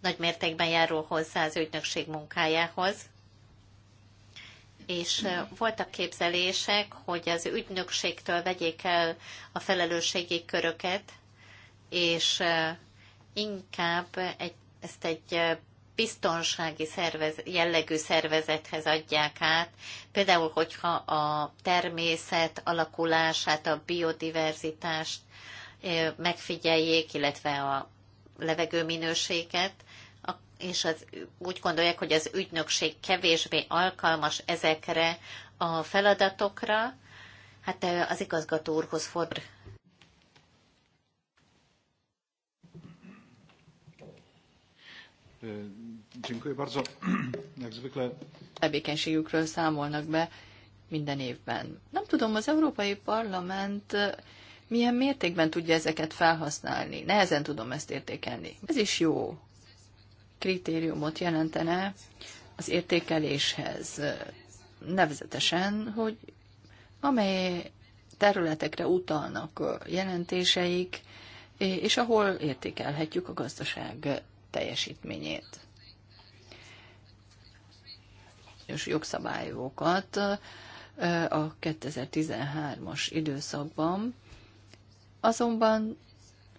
nagy mértékben járul hozzá az ügynökség munkájához, és voltak képzelések, hogy az ügynökségtől vegyék el a felelősségi köröket, és inkább egy, ezt egy biztonsági szervez, jellegű szervezethez adják át, például hogyha a természet alakulását, a biodiverzitást megfigyeljék, illetve a levegő minőséget, és az, úgy gondolják, hogy az ügynökség kevésbé alkalmas ezekre a feladatokra, hát az igazgató úrhoz fordul Dziękuję bardzo. Jak zwykle... Tevékenységükről számolnak be minden évben. Nem tudom, az Európai Parlament milyen mértékben tudja ezeket felhasználni. Nehezen tudom ezt értékelni. Ez is jó kritériumot jelentene az értékeléshez. Nevezetesen, hogy amely területekre utalnak jelentéseik, és ahol értékelhetjük a gazdaság teljesítményét. És jogszabályokat a 2013-as időszakban, azonban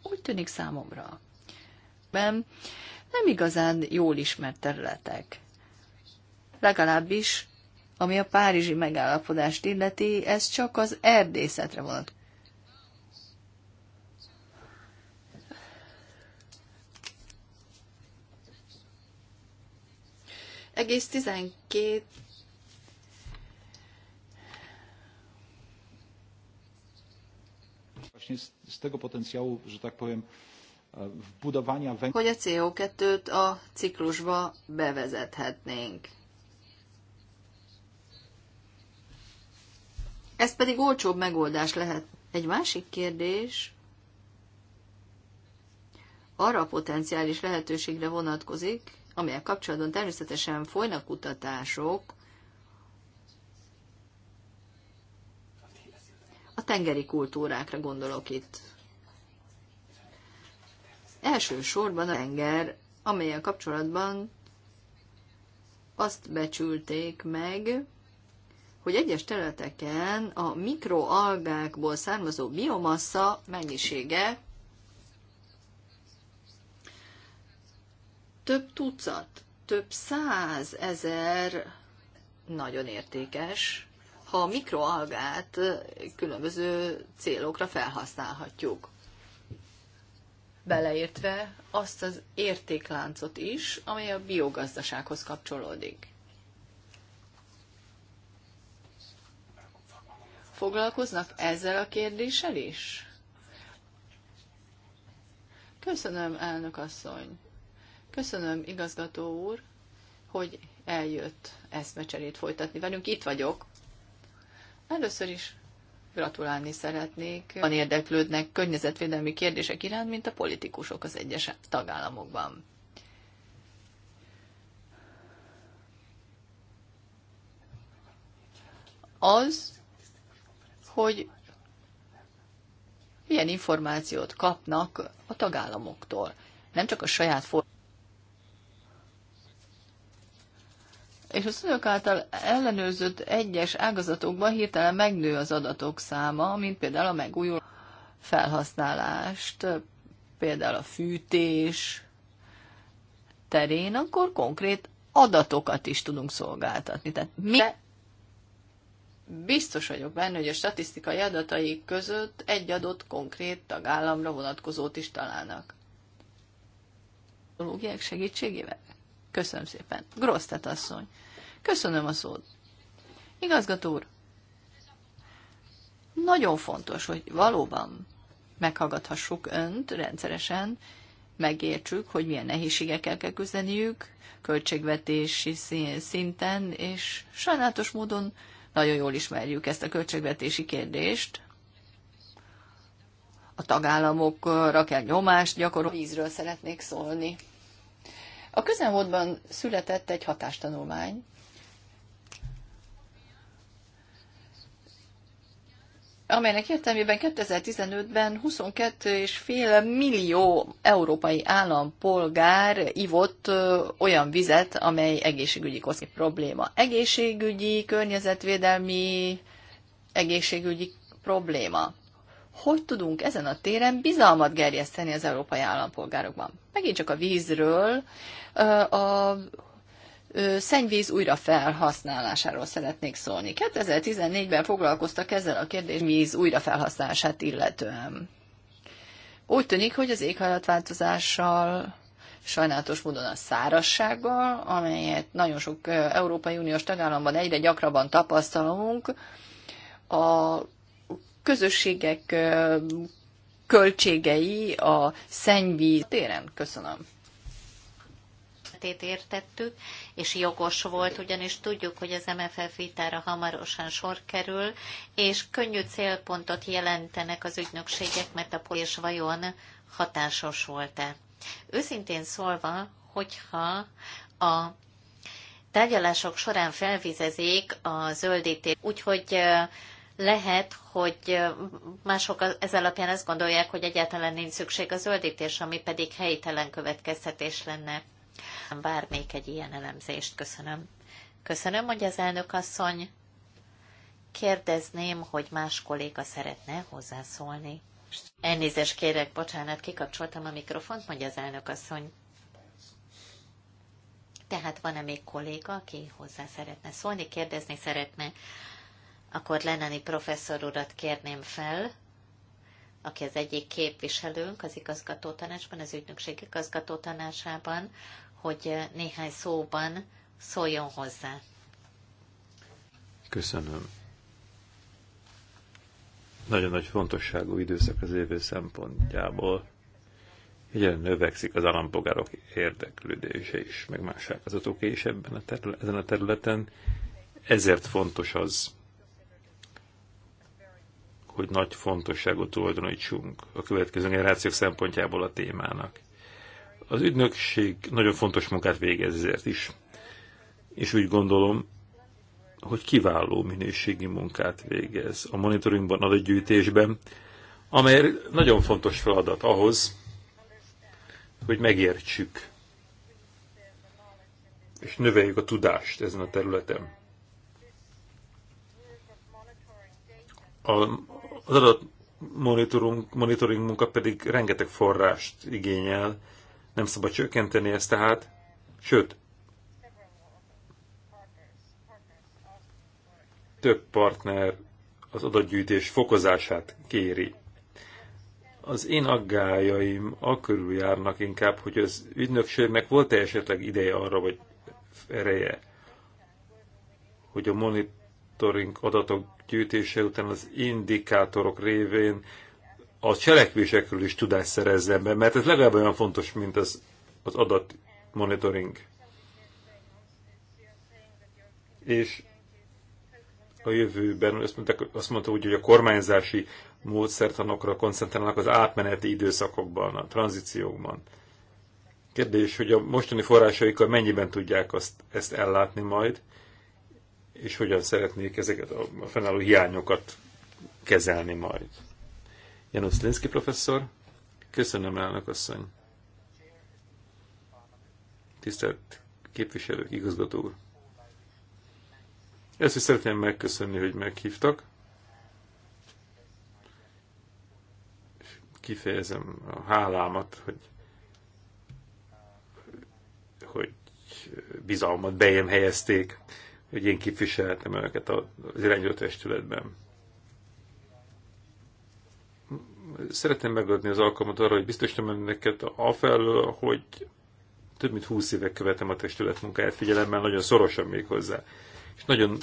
úgy tűnik számomra, nem, nem igazán jól ismert területek. Legalábbis ami a párizsi megállapodást illeti, ez csak az erdészetre vonatkozik. egész 12 z tego potencjału, że tak powiem, e, wbudowania węgla. Hogy a CO2-t a ciklusba bevezethetnénk. Ez pedig olcsóbb megoldás lehet. Egy másik kérdés arra a potenciális lehetőségre vonatkozik, amelyek kapcsolatban természetesen folynak kutatások, a tengeri kultúrákra gondolok itt. Elsősorban a tenger, amelyen kapcsolatban azt becsülték meg, hogy egyes területeken a mikroalgákból származó biomassa mennyisége több tucat, több száz ezer nagyon értékes, ha a mikroalgát különböző célokra felhasználhatjuk. Beleértve azt az értékláncot is, amely a biogazdasághoz kapcsolódik. Foglalkoznak ezzel a kérdéssel is? Köszönöm, elnök asszony. Köszönöm, igazgató úr, hogy eljött eszmecserét folytatni velünk. Itt vagyok. Először is gratulálni szeretnék. Van érdeklődnek környezetvédelmi kérdések iránt, mint a politikusok az egyes tagállamokban. Az, hogy milyen információt kapnak a tagállamoktól. Nem csak a saját for- és az önök által ellenőrzött egyes ágazatokban hirtelen megnő az adatok száma, mint például a megújuló felhasználást, például a fűtés terén, akkor konkrét adatokat is tudunk szolgáltatni. Tehát mi biztos vagyok benne, hogy a statisztikai adataik között egy adott konkrét tagállamra vonatkozót is találnak. Technológiák segítségével? Köszönöm szépen. Grosztet asszony. Köszönöm a szót. Igazgató úr, nagyon fontos, hogy valóban meghallgathassuk önt rendszeresen, megértsük, hogy milyen nehézségekkel kell küzdeniük, költségvetési szinten, és sajnálatos módon nagyon jól ismerjük ezt a költségvetési kérdést. A tagállamokra kell nyomást gyakorolni. Vízről szeretnék szólni. A közelmódban született egy hatástanulmány, amelynek értelmében 2015-ben 22,5 millió európai állampolgár ivott olyan vizet, amely egészségügyi koszki probléma. Egészségügyi, környezetvédelmi, egészségügyi probléma. Hogy tudunk ezen a téren bizalmat gerjeszteni az európai állampolgárokban? Megint csak a vízről, a szennyvíz újra felhasználásáról szeretnék szólni. 2014-ben foglalkoztak ezzel a kérdéssel víz újrafelhasználását illetően. Úgy tűnik, hogy az éghajlatváltozással, sajnálatos módon a szárassággal, amelyet nagyon sok Európai Uniós tagállamban egyre gyakrabban tapasztalunk, a közösségek költségei a szennyvíz téren. Köszönöm üzenetét értettük, és jogos volt, ugyanis tudjuk, hogy az MFF vitára hamarosan sor kerül, és könnyű célpontot jelentenek az ügynökségek, mert a polis vajon hatásos volt-e. Őszintén szólva, hogyha a tárgyalások során felvizezik a zöldítést, úgyhogy lehet, hogy mások ez alapján azt gondolják, hogy egyáltalán nincs szükség a zöldítés, ami pedig helytelen következtetés lenne szívesen várnék egy ilyen elemzést. Köszönöm. Köszönöm, hogy az elnök asszony. Kérdezném, hogy más kolléga szeretne hozzászólni. Elnézést kérek, bocsánat, kikapcsoltam a mikrofont, mondja az elnök asszony. Tehát van-e még kolléga, aki hozzá szeretne szólni, kérdezni szeretne? Akkor Lenani professzor urat kérném fel, aki az egyik képviselőnk az igazgató tanácsban, az ügynökség igazgató tanácsában, hogy néhány szóban szóljon hozzá. Köszönöm. Nagyon nagy fontosságú időszak az évő szempontjából. Egyre növekszik az állampolgárok érdeklődése is, meg más ágazatoké is ebben a terület, ezen a területen. Ezért fontos az, hogy nagy fontosságot tulajdonítsunk a következő generációk szempontjából a témának. Az ügynökség nagyon fontos munkát végez ezért is. És úgy gondolom, hogy kiváló minőségi munkát végez a monitoringban, adatgyűjtésben, amely nagyon fontos feladat ahhoz, hogy megértsük és növeljük a tudást ezen a területen. A, az adat monitoring, monitoring munka pedig rengeteg forrást igényel, nem szabad csökkenteni ezt tehát, sőt, több partner az adatgyűjtés fokozását kéri. Az én aggájaim akörül járnak inkább, hogy az ügynökségnek volt-e esetleg ideje arra, vagy ereje, hogy a monitoring adatok gyűjtése után az indikátorok révén a cselekvésekről is tudást szerezzen be, mert ez legalább olyan fontos, mint az, az adat monitoring. És a jövőben azt, mondták, azt mondta úgy, hogy a kormányzási módszertanokra koncentrálnak az átmeneti időszakokban, a tranzíciókban. Kérdés, hogy a mostani forrásaikkal mennyiben tudják azt, ezt ellátni majd, és hogyan szeretnék ezeket a fennálló hiányokat kezelni majd. Janusz Linszki professzor. Köszönöm, elnök asszony. Tisztelt képviselők, igazgató úr. Ezt is szeretném megköszönni, hogy meghívtak. Kifejezem a hálámat, hogy, hogy bizalmat bejem helyezték, hogy én képviselhetem önöket az irányító testületben. szeretném megadni az alkalmat arra, hogy biztosítom önöket afelől, hogy több mint 20 éve követem a testület munkáját figyelemmel, nagyon szorosan még hozzá. És nagyon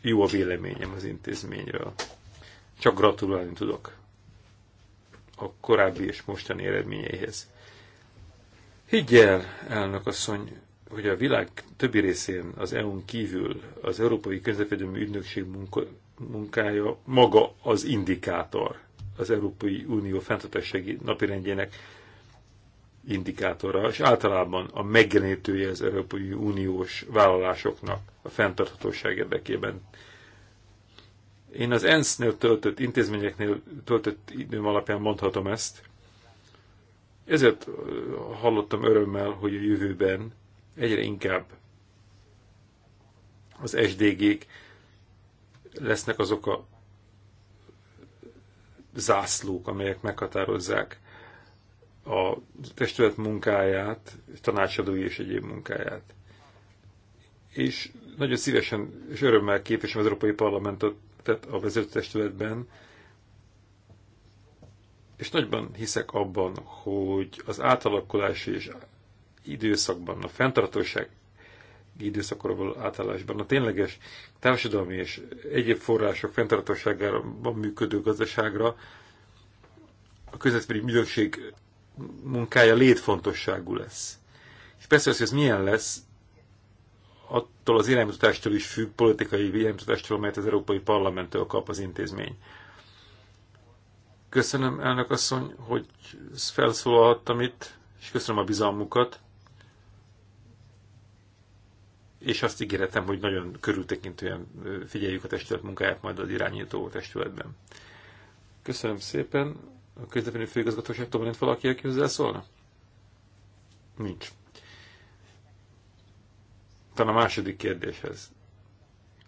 jó a véleményem az intézményről. Csak gratulálni tudok a korábbi és mostani eredményeihez. Higgyel, elnök asszony, hogy a világ többi részén az EU-n kívül az Európai Közlekedőmű Ügynökség munka, munkája maga az indikátor az Európai Unió fenntartássági napirendjének indikátora, és általában a megjelenítője az Európai Uniós vállalásoknak a fenntarthatóság érdekében. Én az ENSZ-nél töltött intézményeknél töltött időm alapján mondhatom ezt. Ezért hallottam örömmel, hogy a jövőben egyre inkább az SDG-k lesznek azok a zászlók, amelyek meghatározzák a testület munkáját, tanácsadói és egyéb munkáját. És nagyon szívesen és örömmel képviselem az Európai Parlamentot tehát a vezetőtestületben, és nagyban hiszek abban, hogy az átalakulási és időszakban a fenntartóság időszakra való átállásban. A tényleges társadalmi és egyéb források fenntartóságában működő gazdaságra a közvetlen ügynökség munkája létfontosságú lesz. És persze az, hogy ez milyen lesz, attól az iránymutatástól is függ, politikai iránymutatástól, amelyet az Európai Parlamenttől kap az intézmény. Köszönöm, elnök asszony, hogy felszólalhattam itt, és köszönöm a bizalmukat és azt ígéretem, hogy nagyon körültekintően figyeljük a testület munkáját majd az irányító testületben. Köszönöm szépen. A közlekedő főigazgatóságtól van valaki, aki hozzászólna? Nincs. Talán a második kérdéshez.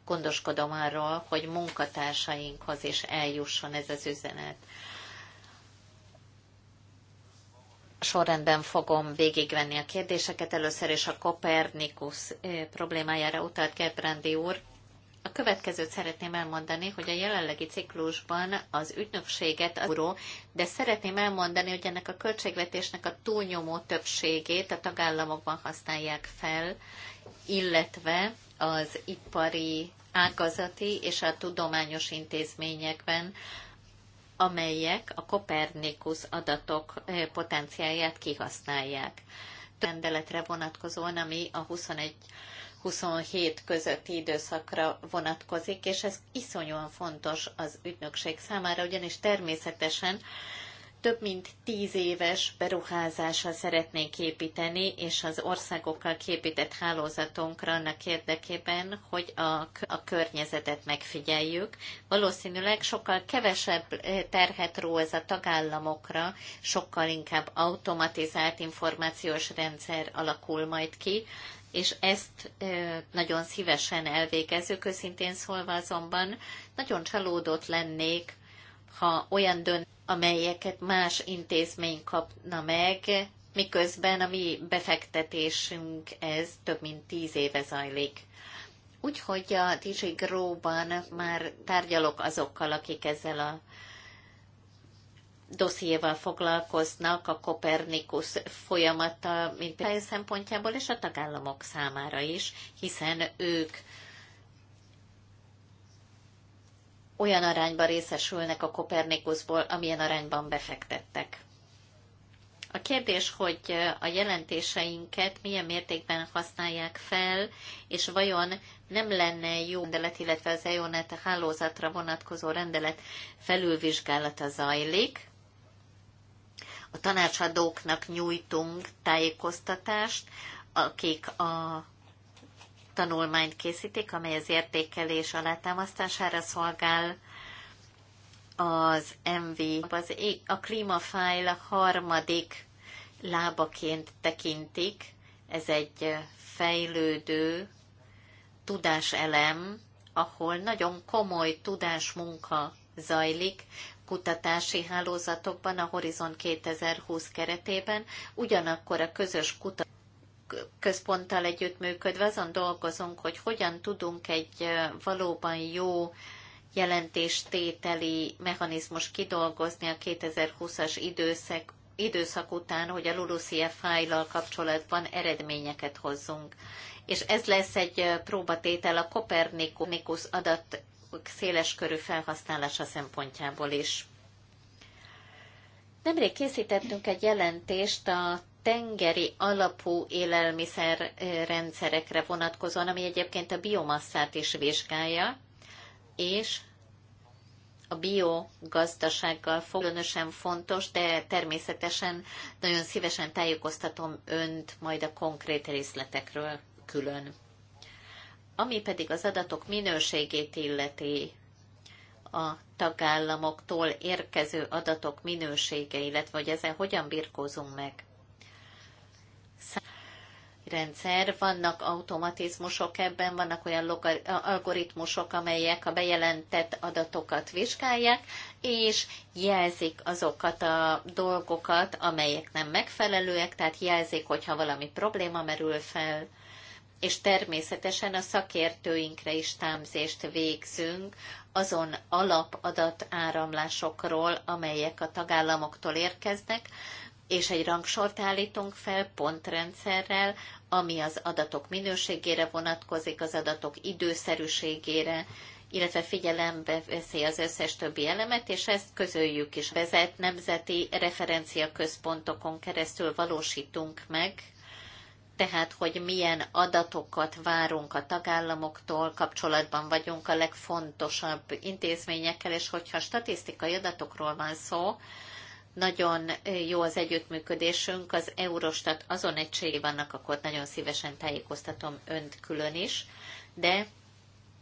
Gondoskodom arról, hogy munkatársainkhoz is eljusson ez az üzenet sorrendben fogom végigvenni a kérdéseket. Először is a Kopernikus eh, problémájára utalt Gebrandi úr. A következőt szeretném elmondani, hogy a jelenlegi ciklusban az ügynökséget az euró, de szeretném elmondani, hogy ennek a költségvetésnek a túlnyomó többségét a tagállamokban használják fel, illetve az ipari, ágazati és a tudományos intézményekben, amelyek a Kopernikus adatok potenciáját kihasználják. Rendeletre vonatkozóan, ami a 21 27 közötti időszakra vonatkozik, és ez iszonyúan fontos az ügynökség számára, ugyanis természetesen több mint tíz éves beruházással szeretnénk építeni, és az országokkal képített hálózatunkra annak érdekében, hogy a, a környezetet megfigyeljük. Valószínűleg sokkal kevesebb eh, terhet ró ez a tagállamokra, sokkal inkább automatizált információs rendszer alakul majd ki, és ezt eh, nagyon szívesen elvégezzük. Őszintén szólva azonban nagyon csalódott lennék, ha olyan dönt amelyeket más intézmény kapna meg, miközben a mi befektetésünk ez több mint tíz éve zajlik. Úgyhogy a Tizsi Gróban már tárgyalok azokkal, akik ezzel a dossziéval foglalkoznak, a Kopernikus folyamata mint a szempontjából, és a tagállamok számára is, hiszen ők olyan arányban részesülnek a Kopernikusból, amilyen arányban befektettek. A kérdés, hogy a jelentéseinket milyen mértékben használják fel, és vajon nem lenne jó rendelet, illetve az EONET hálózatra vonatkozó rendelet felülvizsgálata zajlik. A tanácsadóknak nyújtunk tájékoztatást, akik a tanulmányt készítik, amely az értékelés alátámasztására szolgál. Az MV, az, a klímafájl harmadik lábaként tekintik. Ez egy fejlődő tudáselem, ahol nagyon komoly tudásmunka zajlik, kutatási hálózatokban a Horizon 2020 keretében, ugyanakkor a közös kutatás központtal együttműködve azon dolgozunk, hogy hogyan tudunk egy valóban jó jelentéstételi mechanizmus kidolgozni a 2020-as időszak, időszak után, hogy a LULUCF fájlal kapcsolatban eredményeket hozzunk. És ez lesz egy próbatétel a Kopernikus adat széleskörű felhasználása szempontjából is. Nemrég készítettünk egy jelentést a tengeri alapú élelmiszerrendszerekre vonatkozóan, ami egyébként a biomasszát is vizsgálja, és a biogazdasággal különösen fontos, de természetesen nagyon szívesen tájékoztatom önt majd a konkrét részletekről külön. Ami pedig az adatok minőségét illeti, a tagállamoktól érkező adatok minősége, illetve hogy ezzel hogyan birkózunk meg rendszer, vannak automatizmusok ebben, vannak olyan algoritmusok, amelyek a bejelentett adatokat vizsgálják, és jelzik azokat a dolgokat, amelyek nem megfelelőek, tehát jelzik, hogyha valami probléma merül fel, és természetesen a szakértőinkre is támzést végzünk azon alapadat áramlásokról, amelyek a tagállamoktól érkeznek, és egy rangsort állítunk fel pontrendszerrel, ami az adatok minőségére vonatkozik, az adatok időszerűségére, illetve figyelembe veszi az összes többi elemet, és ezt közöljük is. Vezet nemzeti referencia központokon keresztül valósítunk meg, tehát hogy milyen adatokat várunk a tagállamoktól, kapcsolatban vagyunk a legfontosabb intézményekkel, és hogyha statisztikai adatokról van szó, nagyon jó az együttműködésünk, az Eurostat azon egységében vannak, akkor nagyon szívesen tájékoztatom önt külön is, de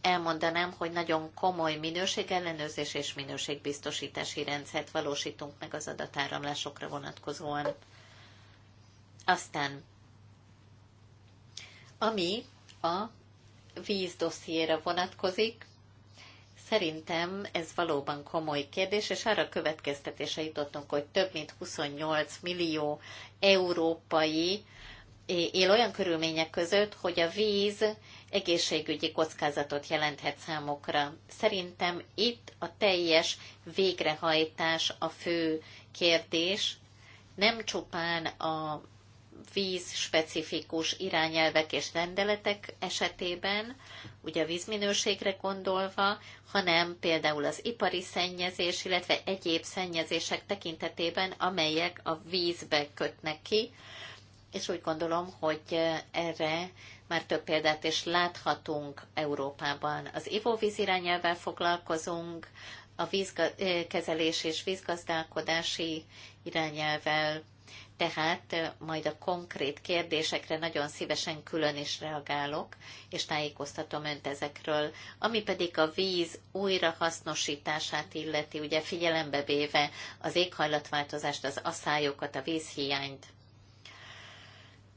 elmondanám, hogy nagyon komoly minőségellenőrzés és minőségbiztosítási rendszert valósítunk meg az adatáramlásokra vonatkozóan. Aztán, ami a vízdossziéra vonatkozik, Szerintem ez valóban komoly kérdés, és arra következtetése jutottunk, hogy több mint 28 millió európai él olyan körülmények között, hogy a víz egészségügyi kockázatot jelenthet számukra. Szerintem itt a teljes végrehajtás a fő kérdés, nem csupán a víz specifikus irányelvek és rendeletek esetében, ugye a vízminőségre gondolva, hanem például az ipari szennyezés, illetve egyéb szennyezések tekintetében, amelyek a vízbe kötnek ki, és úgy gondolom, hogy erre már több példát is láthatunk Európában. Az ivóvíz irányelvvel foglalkozunk, a vízkezelés és vízgazdálkodási irányelvvel tehát majd a konkrét kérdésekre nagyon szívesen külön is reagálok, és tájékoztatom önt ezekről. Ami pedig a víz újrahasznosítását illeti, ugye figyelembe véve az éghajlatváltozást, az aszályokat, a vízhiányt,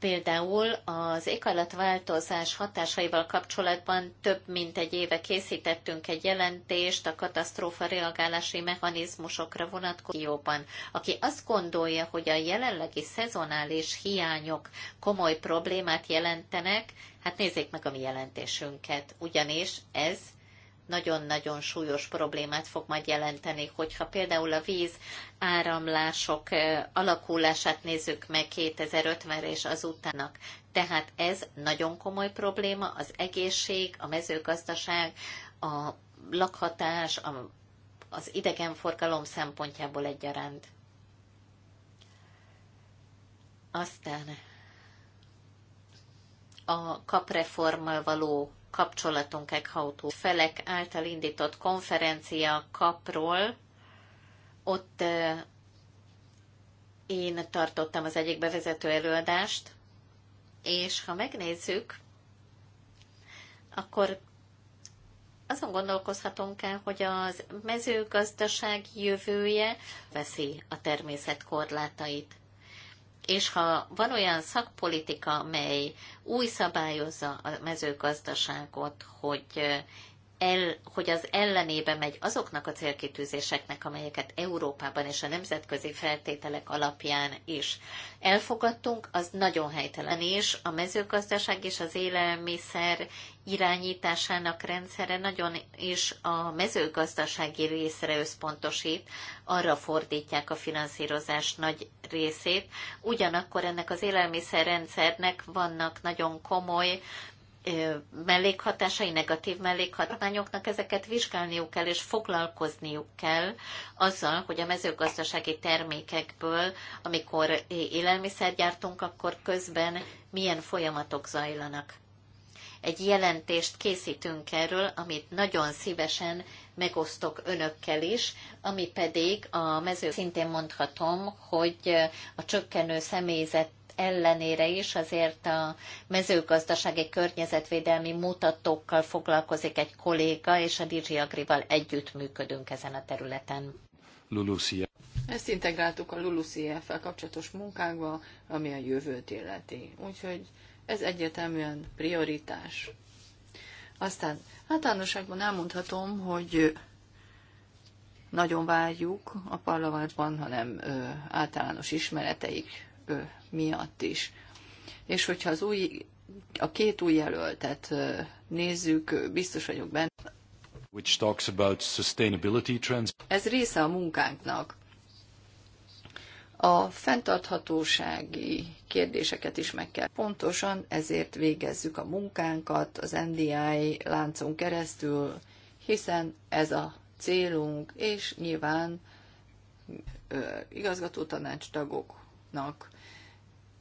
Például az éghajlatváltozás hatásaival kapcsolatban több mint egy éve készítettünk egy jelentést a katasztrófa reagálási mechanizmusokra vonatkozóban. Aki azt gondolja, hogy a jelenlegi szezonális hiányok komoly problémát jelentenek, hát nézzék meg a mi jelentésünket, ugyanis ez nagyon-nagyon súlyos problémát fog majd jelenteni, hogyha például a víz áramlások alakulását nézzük meg 2050-re és azutának. Tehát ez nagyon komoly probléma, az egészség, a mezőgazdaság, a lakhatás, a, az idegenforgalom szempontjából egyaránt. Aztán a kapreformmal való kapcsolatunk Eckhautó felek által indított konferencia kapról. Ott én tartottam az egyik bevezető előadást, és ha megnézzük, akkor azon gondolkozhatunk el, hogy az mezőgazdaság jövője veszi a természet korlátait és ha van olyan szakpolitika, mely új szabályozza a mezőgazdaságot, hogy el, hogy az ellenébe megy azoknak a célkitűzéseknek, amelyeket Európában és a nemzetközi feltételek alapján is elfogadtunk, az nagyon helytelen. És a mezőgazdaság és az élelmiszer irányításának rendszere nagyon is a mezőgazdasági részre összpontosít, arra fordítják a finanszírozás nagy részét. Ugyanakkor ennek az élelmiszerrendszernek vannak nagyon komoly mellékhatásai, negatív mellékhatányoknak ezeket vizsgálniuk kell, és foglalkozniuk kell azzal, hogy a mezőgazdasági termékekből, amikor élelmiszer gyártunk, akkor közben milyen folyamatok zajlanak. Egy jelentést készítünk erről, amit nagyon szívesen megosztok önökkel is, ami pedig a mező szintén mondhatom, hogy a csökkenő személyzet ellenére is azért a mezőgazdasági környezetvédelmi mutatókkal foglalkozik egy kolléga, és a DG Agrival működünk ezen a területen. Lulusia. Ezt integráltuk a LULUCF-fel kapcsolatos munkánkba, ami a jövőt illeti. Úgyhogy ez egyértelműen prioritás. Aztán általánosságban elmondhatom, hogy nagyon várjuk a parlamentban, hanem általános ismereteik ö, miatt is. És hogyha az új, a két új jelöltet nézzük, biztos vagyok benne. Which talks about sustainability trends. Ez része a munkánknak. A fenntarthatósági kérdéseket is meg kell. Pontosan ezért végezzük a munkánkat az NDI láncon keresztül, hiszen ez a célunk, és nyilván igazgató tanács tagoknak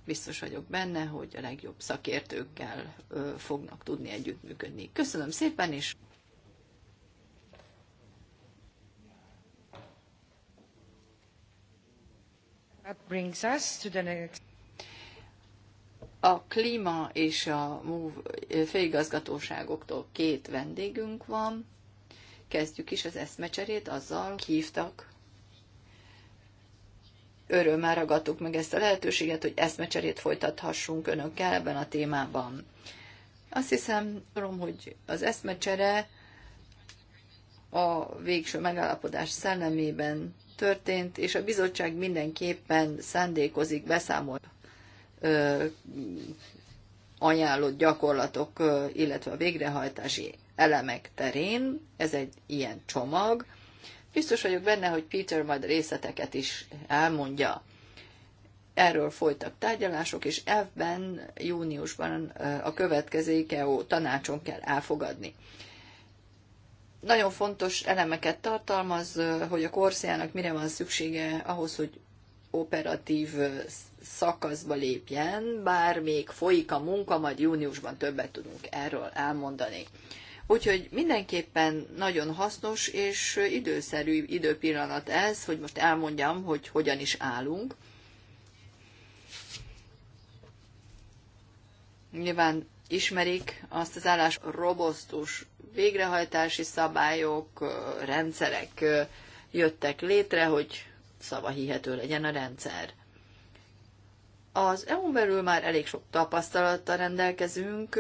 biztos vagyok benne, hogy a legjobb szakértőkkel fognak tudni együttműködni. Köszönöm szépen, és A klíma és a főigazgatóságoktól két vendégünk van. Kezdjük is az eszmecserét azzal, hívtak örömmel ragadtuk meg ezt a lehetőséget, hogy eszmecserét folytathassunk önökkel ebben a témában. Azt hiszem, tudom, hogy az eszmecsere a végső megállapodás szellemében történt, és a bizottság mindenképpen szándékozik beszámolt ajánlott gyakorlatok, illetve a végrehajtási elemek terén. Ez egy ilyen csomag, Biztos vagyok benne, hogy Peter majd részleteket is elmondja. Erről folytak tárgyalások, és ebben júniusban a következő IKEO tanácson kell elfogadni. Nagyon fontos elemeket tartalmaz, hogy a korszának mire van szüksége ahhoz, hogy operatív szakaszba lépjen, bár még folyik a munka, majd júniusban többet tudunk erről elmondani. Úgyhogy mindenképpen nagyon hasznos és időszerű időpillanat ez, hogy most elmondjam, hogy hogyan is állunk. Nyilván ismerik azt az állás robosztus végrehajtási szabályok, rendszerek jöttek létre, hogy szava hihető legyen a rendszer. Az EU-n belül már elég sok tapasztalattal rendelkezünk,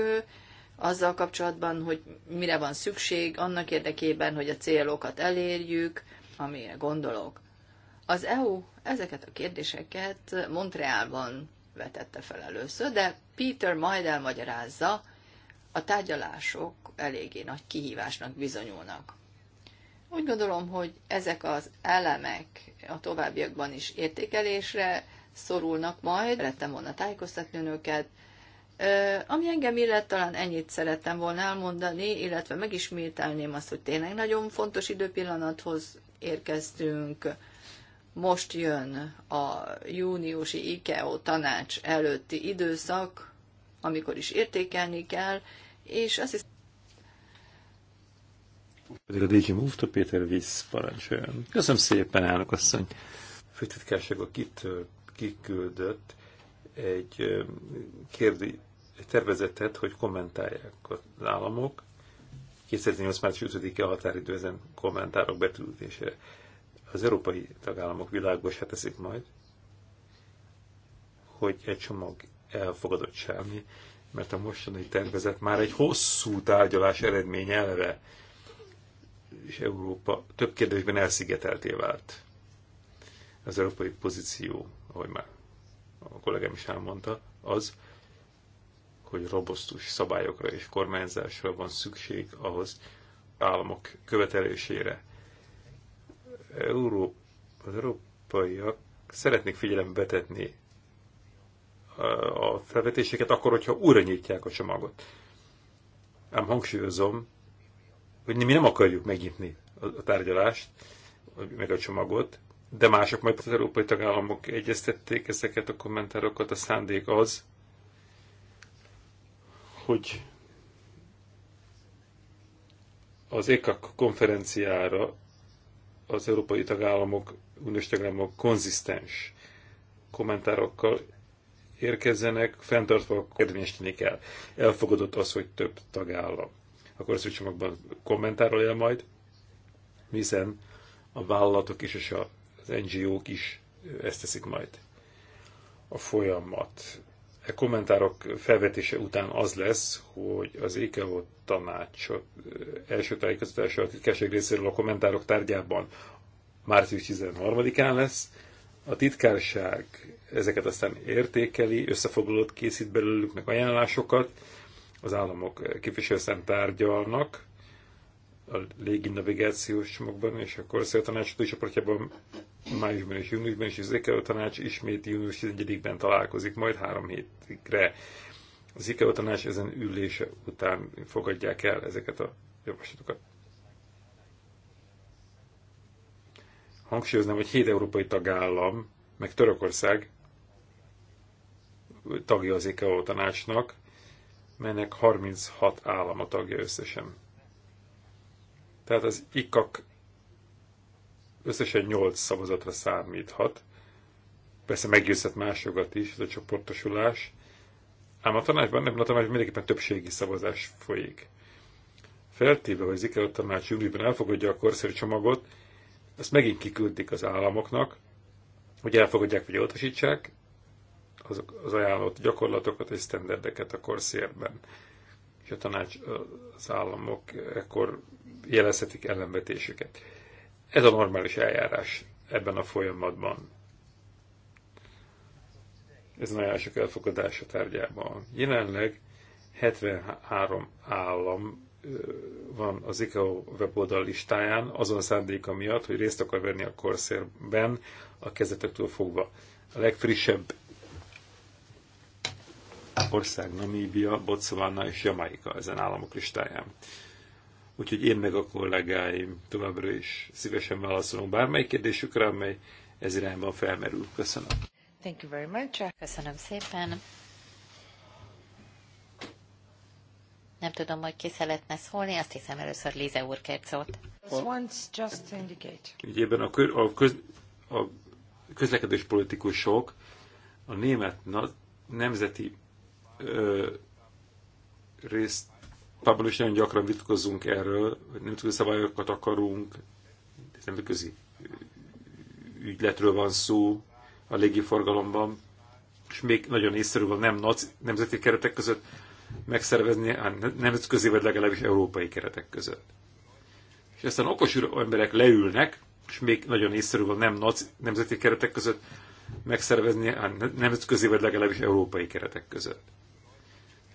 azzal kapcsolatban, hogy mire van szükség annak érdekében, hogy a célokat elérjük, amire gondolok. Az EU ezeket a kérdéseket Montrealban vetette fel először, de Peter majd elmagyarázza, a tárgyalások eléggé nagy kihívásnak bizonyulnak. Úgy gondolom, hogy ezek az elemek a továbbiakban is értékelésre szorulnak majd. Szerettem volna tájékoztatni önöket, ami engem illet, talán ennyit szerettem volna elmondani, illetve megismételném azt, hogy tényleg nagyon fontos időpillanathoz érkeztünk. Most jön a júniusi IKEO tanács előtti időszak, amikor is értékelni kell, és azt hiszem... Pedig a DJ Move-ta Péter Visz parancsoljon. Köszönöm szépen, elnök asszony. A főtitkársága kit, kiküldött egy kérdi, egy tervezetet, hogy kommentálják az államok. 2008. március 5-e a határidő ezen kommentárok betűzésére. Az európai tagállamok világosá teszik majd, hogy egy csomag elfogadott semmi, mert a mostani tervezet már egy hosszú tárgyalás eredmény elve, és Európa több kérdésben elszigetelté vált. Az európai pozíció, ahogy már a kollégám is elmondta, az, hogy robosztus szabályokra és kormányzásra van szükség ahhoz államok követelésére. Euró, az európaiak szeretnék figyelembe betetni eh, a felvetéseket akkor, hogyha újra nyitják a csomagot. Ám hangsúlyozom, hogy mi nem akarjuk megnyitni a tárgyalást, meg a csomagot, de mások, majd az európai tagállamok egyeztették ezeket a kommentárokat, a szándék az, hogy az EKAK konferenciára az európai tagállamok, uniós tagállamok konzisztens kommentárokkal érkezzenek, fenntartva érvényesíteni kell. Elfogadott az, hogy több tagállam. Akkor ezt csomagban kommentárol el majd, hiszen a vállalatok is és az NGO-k is ezt teszik majd. A folyamat E kommentárok felvetése után az lesz, hogy az IKEO tanács első tájékoztatása a titkárság részéről a kommentárok tárgyában március 13-án lesz. A titkárság ezeket aztán értékeli, összefoglalót készít belőlük, meg ajánlásokat. Az államok képviselőszem tárgyalnak a légi navigációs csomagban, és a korszél tanács csoportjában májusban és júniusban, és az Ikeo tanács ismét június 11-ben találkozik, majd három hétigre. Az Ikeo tanács ezen ülése után fogadják el ezeket a javaslatokat. Hangsúlyoznám, hogy hét európai tagállam, meg Törökország tagja az Ikeo tanácsnak, melynek 36 állama tagja összesen. Tehát az ikak összesen 8 szavazatra számíthat. Persze meggyőzhet másokat is, ez a csoportosulás. Ám a tanácsban, nem a tanácsban mindenképpen többségi szavazás folyik. Feltéve, hogy az a tanács júliusban elfogadja a korszerű csomagot, ezt megint kiküldik az államoknak, hogy elfogadják vagy utasítsák azok az ajánlott gyakorlatokat és sztenderdeket a korszérben. És a tanács, az államok ekkor jelezhetik ellenvetésüket. Ez a normális eljárás ebben a folyamatban. Ez nagyon sok elfogadása tárgyában. Jelenleg 73 állam van az ICAO weboldal listáján, azon szándéka miatt, hogy részt akar venni a korszérben a kezdetektől fogva. A legfrissebb ország Namíbia, Botswana és Jamaika ezen államok listáján. Úgyhogy én meg a kollégáim továbbra is szívesen válaszolunk bármely kérdésükre, amely ez irányban felmerül. Köszönöm. Thank you very much. Köszönöm szépen. Nem tudom, hogy ki szeretne szólni, azt hiszem először Líze úr kért szót. ebben a, köz, a, köz, a közlekedés politikusok a német na, nemzeti ö, részt Pabban is nagyon gyakran vitkozzunk erről, hogy tudjuk szabályokat akarunk, nem közi ügyletről van szó a légiforgalomban, és még nagyon észszerű van nem nemzeti keretek között megszervezni, hanem nemzetközi vagy legalábbis európai keretek között. És aztán okos emberek leülnek, és még nagyon észszerű van nem nemzeti keretek között megszervezni, hanem nemzetközi vagy legalábbis európai keretek között.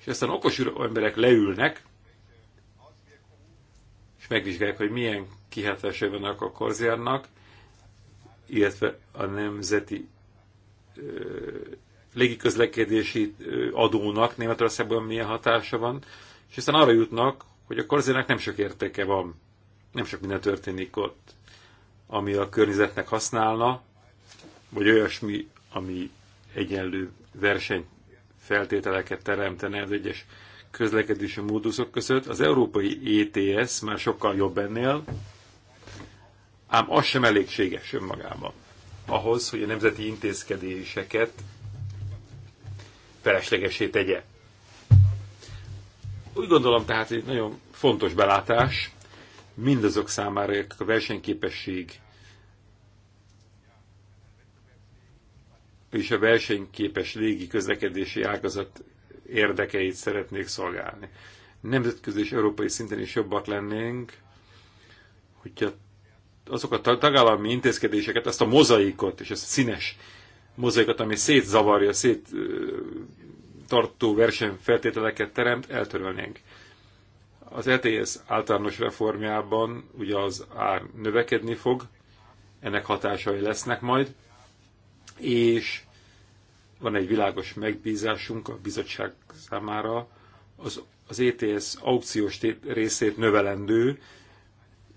És aztán okos emberek leülnek, és megvizsgálják, hogy milyen kihatásai vannak a korzernak, illetve a nemzeti ö, légiközlekedési adónak Németországban milyen hatása van, és aztán arra jutnak, hogy a korzernek nem sok értéke van, nem sok minden történik ott, ami a környezetnek használna, vagy olyasmi, ami egyenlő verseny feltételeket teremtene az egyes közlekedési móduszok között. Az európai ETS már sokkal jobb ennél, ám az sem elégséges önmagában. Ahhoz, hogy a nemzeti intézkedéseket feleslegesé tegye. Úgy gondolom tehát, hogy nagyon fontos belátás mindazok számára, akik a versenyképesség és a versenyképes légi közlekedési ágazat érdekeit szeretnék szolgálni. Nemzetközi és európai szinten is jobbak lennénk, hogyha azokat a tagállami intézkedéseket, ezt a mozaikot és ezt a színes mozaikot, ami szétzavarja, szét tartó versenyfeltételeket teremt, eltörölnénk. Az ETS általános reformjában ugye az ár növekedni fog, ennek hatásai lesznek majd, és van egy világos megbízásunk a bizottság számára, az, az ETS aukciós részét növelendő,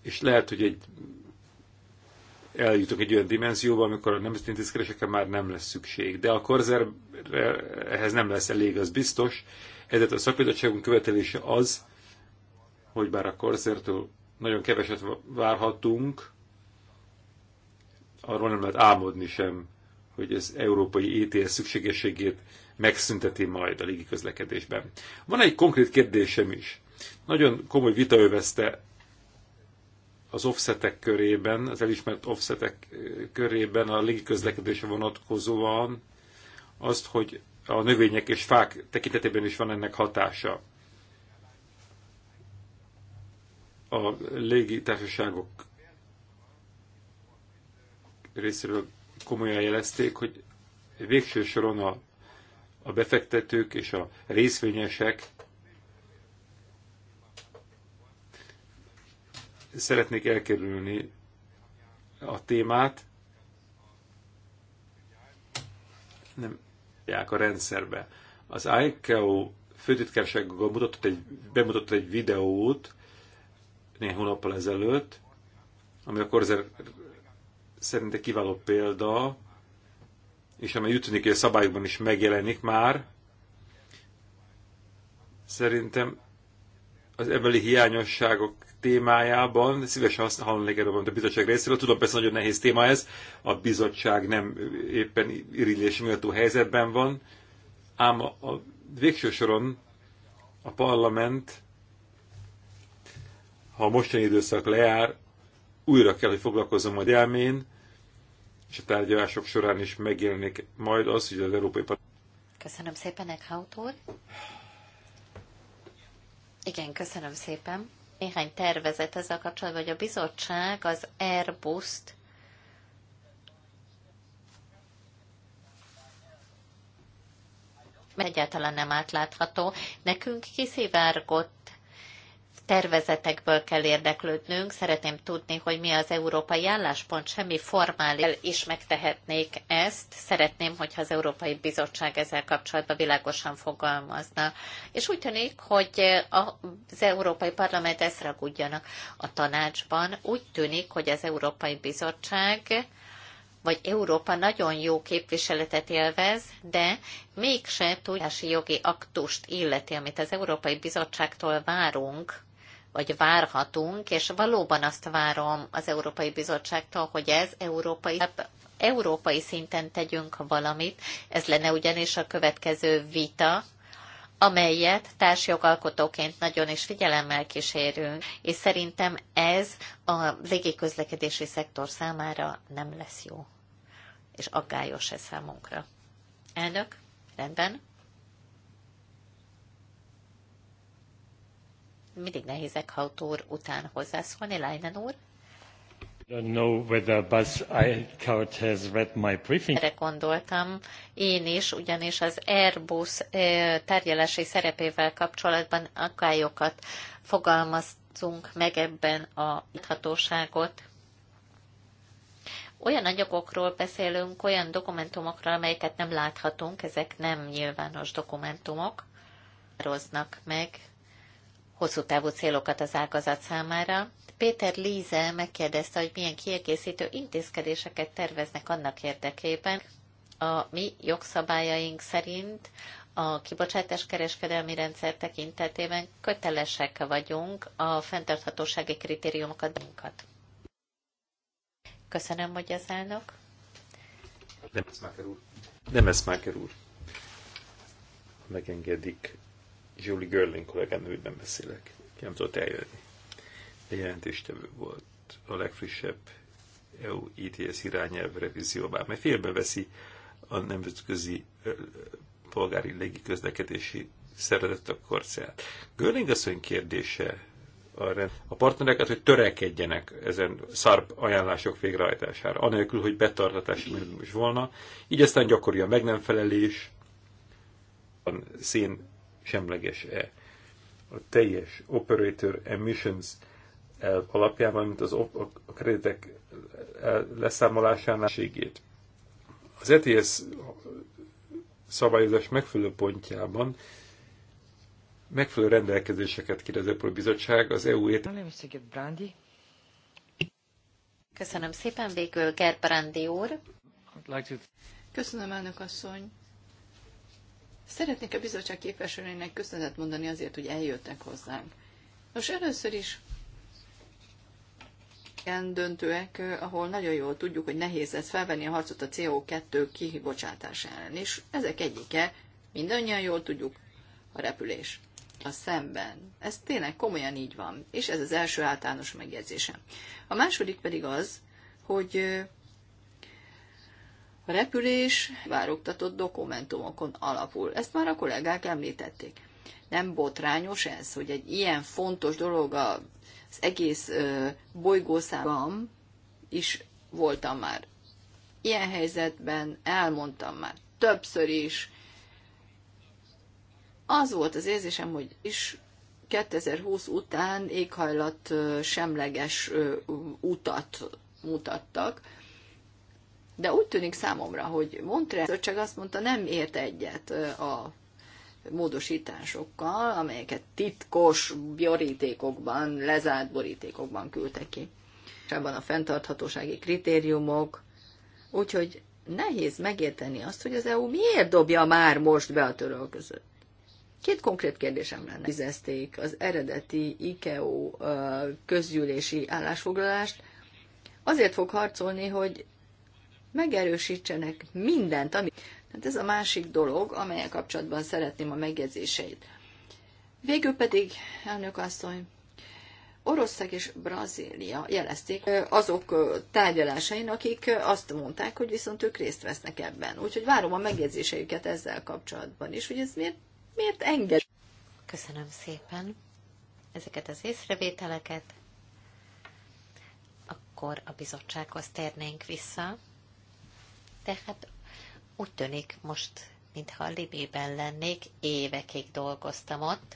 és lehet, hogy egy, eljutok egy olyan dimenzióba, amikor a nemzeti intézkedésekkel már nem lesz szükség. De a korzer ehhez nem lesz elég, az biztos. Ezért a szakbizottságunk követelése az, hogy bár a korzertől nagyon keveset várhatunk, arról nem lehet álmodni sem, hogy az európai ETS szükségességét megszünteti majd a légiközlekedésben. Van egy konkrét kérdésem is. Nagyon komoly vita övezte az offsetek körében, az elismert offsetek körében a közlekedése vonatkozóan azt, hogy a növények és fák tekintetében is van ennek hatása. A légitársaságok részéről komolyan jelezték, hogy végső soron a, a befektetők és a részvényesek szeretnék elkerülni a témát, nem ják a rendszerbe. Az ICAO e főtitkársággal mutatott egy, bemutatott egy videót néhány hónappal ezelőtt, ami a korzer szerintem kiváló példa, és amely a szabályokban is megjelenik már, szerintem az ebbeli hiányosságok témájában, szívesen hallanék erről a bizottság részéről, tudom persze nagyon nehéz téma ez, a bizottság nem éppen irigylés méltó helyzetben van, ám a, a végső soron a parlament, ha a mostani időszak lejár, újra kell, hogy foglalkozzon majd elmén, és a tárgyalások során is megjelenik majd az, hogy az Európai Parlament... Köszönöm szépen, Eckhout úr. Igen, köszönöm szépen. Néhány tervezet ezzel kapcsolatban, hogy a bizottság az Airbus-t egyáltalán nem átlátható. Nekünk kiszivárgott tervezetekből kell érdeklődnünk. Szeretném tudni, hogy mi az európai álláspont, semmi formális is megtehetnék ezt. Szeretném, hogyha az Európai Bizottság ezzel kapcsolatban világosan fogalmazna. És úgy tűnik, hogy az Európai Parlament ezt ragudjanak a tanácsban. Úgy tűnik, hogy az Európai Bizottság vagy Európa nagyon jó képviseletet élvez, de mégse tudási jogi aktust illeti, amit az Európai Bizottságtól várunk, vagy várhatunk, és valóban azt várom az Európai Bizottságtól, hogy ez európai, európai szinten tegyünk valamit. Ez lenne ugyanis a következő vita, amelyet társjogalkotóként nagyon is figyelemmel kísérünk, és szerintem ez a légiközlekedési szektor számára nem lesz jó, és aggályos ez számunkra. Elnök, rendben. mindig nehéz Eckhout úr után hozzászólni, Leinen úr. Don't know whether Buzz Eichhout has read my briefing. Erre gondoltam én is, ugyanis az Airbus eh, tárgyalási szerepével kapcsolatban akályokat fogalmaztunk meg ebben a hatóságot. Olyan anyagokról beszélünk, olyan dokumentumokról, amelyeket nem láthatunk, ezek nem nyilvános dokumentumok, roznak meg hosszú távú célokat az ágazat számára. Péter Líze megkérdezte, hogy milyen kiegészítő intézkedéseket terveznek annak érdekében, a mi jogszabályaink szerint a kibocsátás kereskedelmi rendszer tekintetében kötelesek vagyunk a fenntarthatósági kritériumokat. Köszönöm, hogy az elnök. Nem ez már kerül. Megengedik Julie Görling kollégám, nem beszélek, ki nem tudott eljönni. De jelentéstevő volt a legfrissebb EU ETS irányelv revízióban, mert félbeveszi a nemzetközi polgári légiközlekedési szervezet a korcát. Görling asszony kérdése arra a partnereket, hogy törekedjenek ezen szarp ajánlások végrehajtására, anélkül, hogy betartatási minimum is volna, így aztán gyakori a meg nem felelés, a szén semleges-e. A teljes Operator Emissions elv alapjában, mint az a kreditek e- leszámolásánál ségét. Az ETS szabályozás megfelelő pontjában megfelelő rendelkezéseket kér az Európai Bizottság az EU ét. Köszönöm szépen, végül Gerbrandi úr. Köszönöm, elnök asszony. Szeretnék a bizottság képviselőinek köszönetet mondani azért, hogy eljöttek hozzánk. Nos, először is ilyen döntőek, ahol nagyon jól tudjuk, hogy nehéz ez felvenni a harcot a CO2 kibocsátás ellen, és ezek egyike, mindannyian jól tudjuk, a repülés a szemben. Ez tényleg komolyan így van, és ez az első általános megjegyzésem. A második pedig az, hogy a repülés vároktatott dokumentumokon alapul. Ezt már a kollégák említették. Nem botrányos ez, hogy egy ilyen fontos dolog az egész bolygószában is voltam már. Ilyen helyzetben elmondtam már többször is. Az volt az érzésem, hogy is 2020 után éghajlat semleges utat mutattak, de úgy tűnik számomra, hogy Montreal csak azt mondta, nem ért egyet a módosításokkal, amelyeket titkos borítékokban, lezárt borítékokban küldtek ki. Ebben a fenntarthatósági kritériumok, úgyhogy nehéz megérteni azt, hogy az EU miért dobja már most be a töröl között. Két konkrét kérdésem lenne. Fizezték az eredeti IKEO közgyűlési állásfoglalást, azért fog harcolni, hogy megerősítsenek mindent, ami... Hát ez a másik dolog, amelyek kapcsolatban szeretném a megjegyzéseit. Végül pedig, elnök asszony, Oroszország és Brazília jelezték azok tárgyalásain, akik azt mondták, hogy viszont ők részt vesznek ebben. Úgyhogy várom a megjegyzéseiket ezzel kapcsolatban is, hogy ez miért, miért enged. Köszönöm szépen ezeket az észrevételeket. Akkor a bizottsághoz térnénk vissza. Tehát úgy tűnik most, mintha a Libében lennék, évekig dolgoztam ott,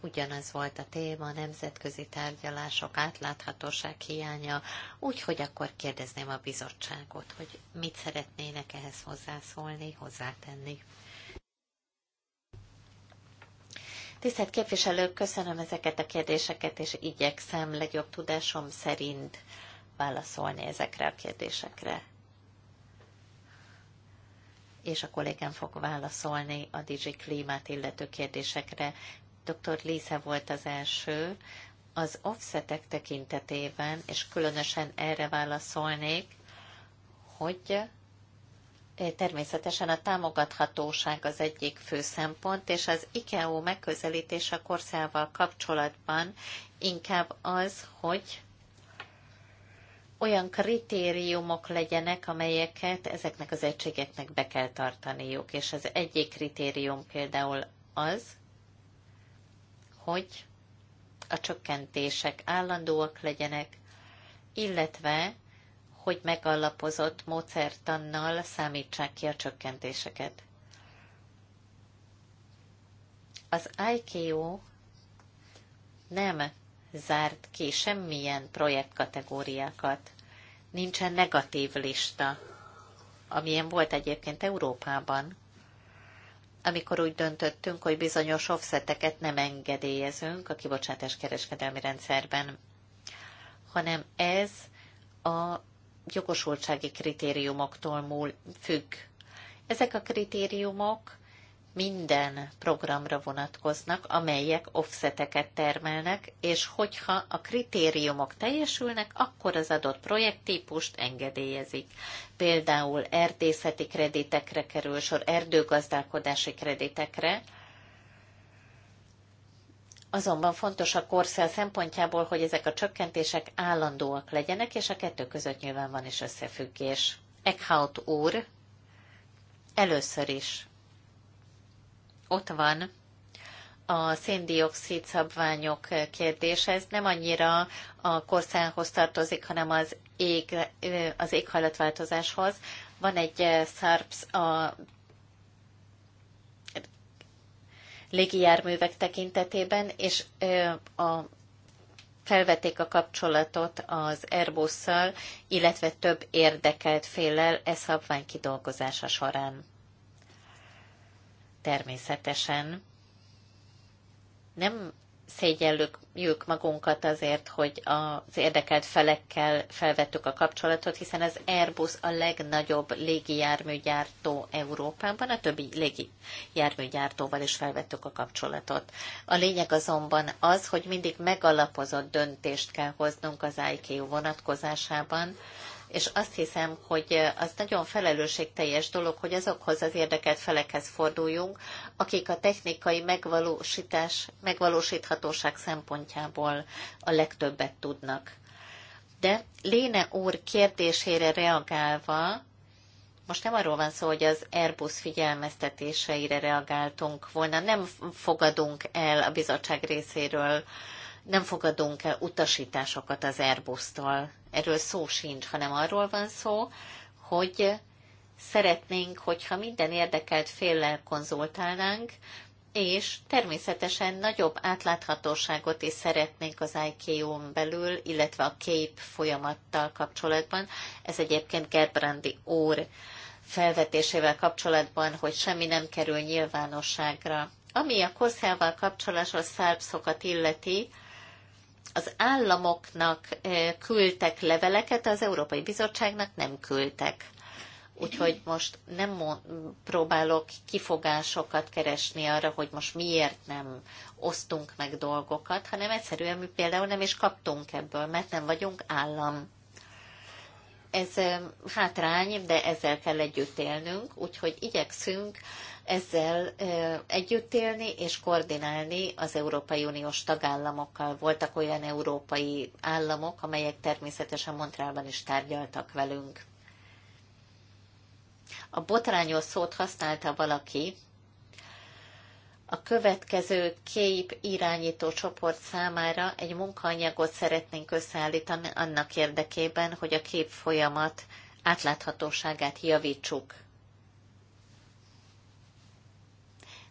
ugyanaz volt a téma, nemzetközi tárgyalások, átláthatóság hiánya, úgyhogy akkor kérdezném a bizottságot, hogy mit szeretnének ehhez hozzászólni, hozzátenni. Tisztelt képviselők, köszönöm ezeket a kérdéseket, és igyekszem legjobb tudásom szerint válaszolni ezekre a kérdésekre és a kollégám fog válaszolni a DG klímát illető kérdésekre. Dr. Lisa volt az első, az offsetek tekintetében, és különösen erre válaszolnék, hogy eh, Természetesen a támogathatóság az egyik fő szempont, és az ICAO megközelítés a korszával kapcsolatban inkább az, hogy olyan kritériumok legyenek, amelyeket ezeknek az egységeknek be kell tartaniuk. És az egyik kritérium például az, hogy a csökkentések állandóak legyenek, illetve hogy megalapozott módszertannal számítsák ki a csökkentéseket. Az IKO nem zárt ki semmilyen projektkategóriákat nincsen negatív lista, amilyen volt egyébként Európában, amikor úgy döntöttünk, hogy bizonyos offseteket nem engedélyezünk a kibocsátás kereskedelmi rendszerben, hanem ez a jogosultsági kritériumoktól múl, függ. Ezek a kritériumok minden programra vonatkoznak, amelyek offseteket termelnek, és hogyha a kritériumok teljesülnek, akkor az adott projekttípust engedélyezik. Például erdészeti kreditekre kerül sor, erdőgazdálkodási kreditekre, Azonban fontos a korszel szempontjából, hogy ezek a csökkentések állandóak legyenek, és a kettő között nyilván van is összefüggés. Eckhout úr először is ott van a széndiokszid szabványok kérdése. Ez nem annyira a korszához tartozik, hanem az, ég, az éghajlatváltozáshoz. Van egy eh, SARPS a légijárművek tekintetében, és eh, a felvették a kapcsolatot az airbus illetve több érdekelt féllel e szabvány kidolgozása során természetesen nem szégyellük magunkat azért, hogy az érdekelt felekkel felvettük a kapcsolatot, hiszen az Airbus a legnagyobb légijárműgyártó Európában, a többi légijárműgyártóval is felvettük a kapcsolatot. A lényeg azonban az, hogy mindig megalapozott döntést kell hoznunk az IQ vonatkozásában, és azt hiszem, hogy az nagyon felelősségteljes dolog, hogy azokhoz az érdekelt felekhez forduljunk, akik a technikai megvalósítás, megvalósíthatóság szempontjából a legtöbbet tudnak. De Léne úr kérdésére reagálva, most nem arról van szó, hogy az Airbus figyelmeztetéseire reagáltunk volna, nem fogadunk el a bizottság részéről, nem fogadunk el utasításokat az Airbus-tól erről szó sincs, hanem arról van szó, hogy szeretnénk, hogyha minden érdekelt féllel konzultálnánk, és természetesen nagyobb átláthatóságot is szeretnénk az IKO-n belül, illetve a kép folyamattal kapcsolatban. Ez egyébként Gerbrandi úr felvetésével kapcsolatban, hogy semmi nem kerül nyilvánosságra. Ami a korszával kapcsolatos szárpszokat illeti, az államoknak küldtek leveleket, az Európai Bizottságnak nem küldtek. Úgyhogy most nem próbálok kifogásokat keresni arra, hogy most miért nem osztunk meg dolgokat, hanem egyszerűen mi például nem is kaptunk ebből, mert nem vagyunk állam ez hátrány, de ezzel kell együtt élnünk, úgyhogy igyekszünk ezzel együtt élni és koordinálni az Európai Uniós tagállamokkal. Voltak olyan európai államok, amelyek természetesen Montrealban is tárgyaltak velünk. A botrányos szót használta valaki, a következő kép irányító csoport számára egy munkaanyagot szeretnénk összeállítani annak érdekében, hogy a kép folyamat átláthatóságát javítsuk.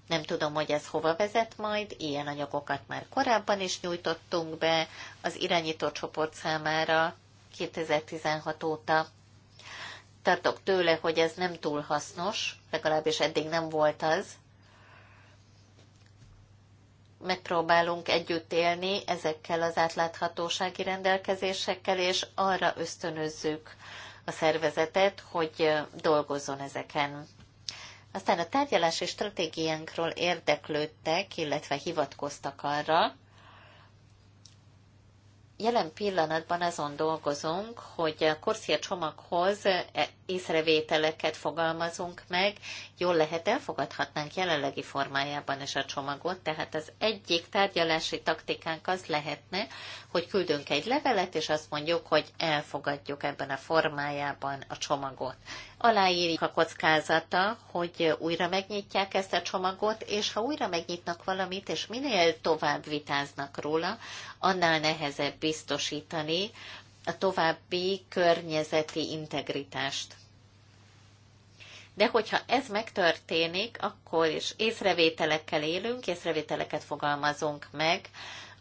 Nem tudom, hogy ez hova vezet majd, ilyen anyagokat már korábban is nyújtottunk be az irányító csoport számára 2016 óta. Tartok tőle, hogy ez nem túl hasznos, legalábbis eddig nem volt az, megpróbálunk együtt élni ezekkel az átláthatósági rendelkezésekkel, és arra ösztönözzük a szervezetet, hogy dolgozzon ezeken. Aztán a tárgyalási stratégiánkról érdeklődtek, illetve hivatkoztak arra, jelen pillanatban azon dolgozunk, hogy a Corsia csomaghoz e, észrevételeket fogalmazunk meg, jól lehet elfogadhatnánk jelenlegi formájában is a csomagot, tehát az egyik tárgyalási taktikánk az lehetne, hogy küldünk egy levelet, és azt mondjuk, hogy elfogadjuk ebben a formájában a csomagot aláírik a kockázata, hogy újra megnyitják ezt a csomagot, és ha újra megnyitnak valamit, és minél tovább vitáznak róla, annál nehezebb biztosítani a további környezeti integritást. De hogyha ez megtörténik, akkor is észrevételekkel élünk, észrevételeket fogalmazunk meg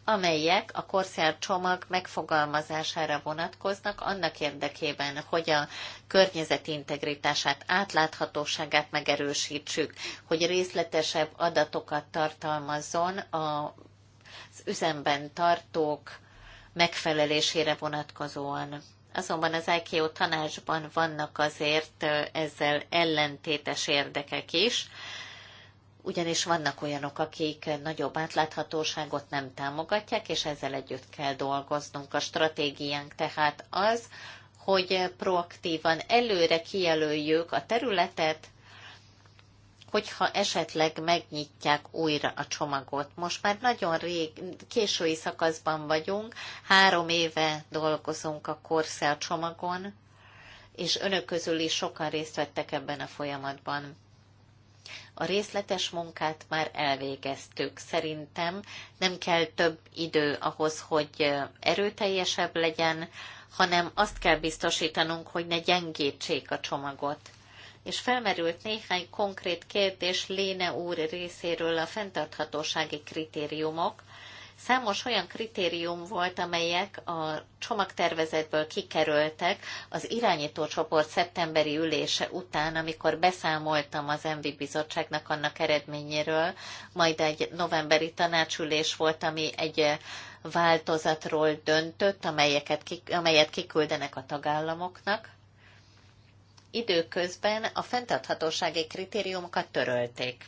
amelyek a korszer csomag megfogalmazására vonatkoznak annak érdekében, hogy a környezet integritását, átláthatóságát megerősítsük, hogy részletesebb adatokat tartalmazzon az üzemben tartók megfelelésére vonatkozóan. Azonban az IKEA tanácsban vannak azért ezzel ellentétes érdekek is, ugyanis vannak olyanok, akik nagyobb átláthatóságot nem támogatják, és ezzel együtt kell dolgoznunk. A stratégiánk tehát az, hogy proaktívan előre kijelöljük a területet, hogyha esetleg megnyitják újra a csomagot. Most már nagyon rég, késői szakaszban vagyunk, három éve dolgozunk a Corsair csomagon, és önök közül is sokan részt vettek ebben a folyamatban. A részletes munkát már elvégeztük. Szerintem nem kell több idő ahhoz, hogy erőteljesebb legyen, hanem azt kell biztosítanunk, hogy ne gyengítsék a csomagot. És felmerült néhány konkrét kérdés Léne úr részéről a fenntarthatósági kritériumok, Számos olyan kritérium volt, amelyek a csomagtervezetből kikerültek az irányító csoport szeptemberi ülése után, amikor beszámoltam az MV bizottságnak annak eredményéről, majd egy novemberi tanácsülés volt, ami egy változatról döntött, amelyeket, amelyet kiküldenek a tagállamoknak. Időközben a fenntarthatósági kritériumokat törölték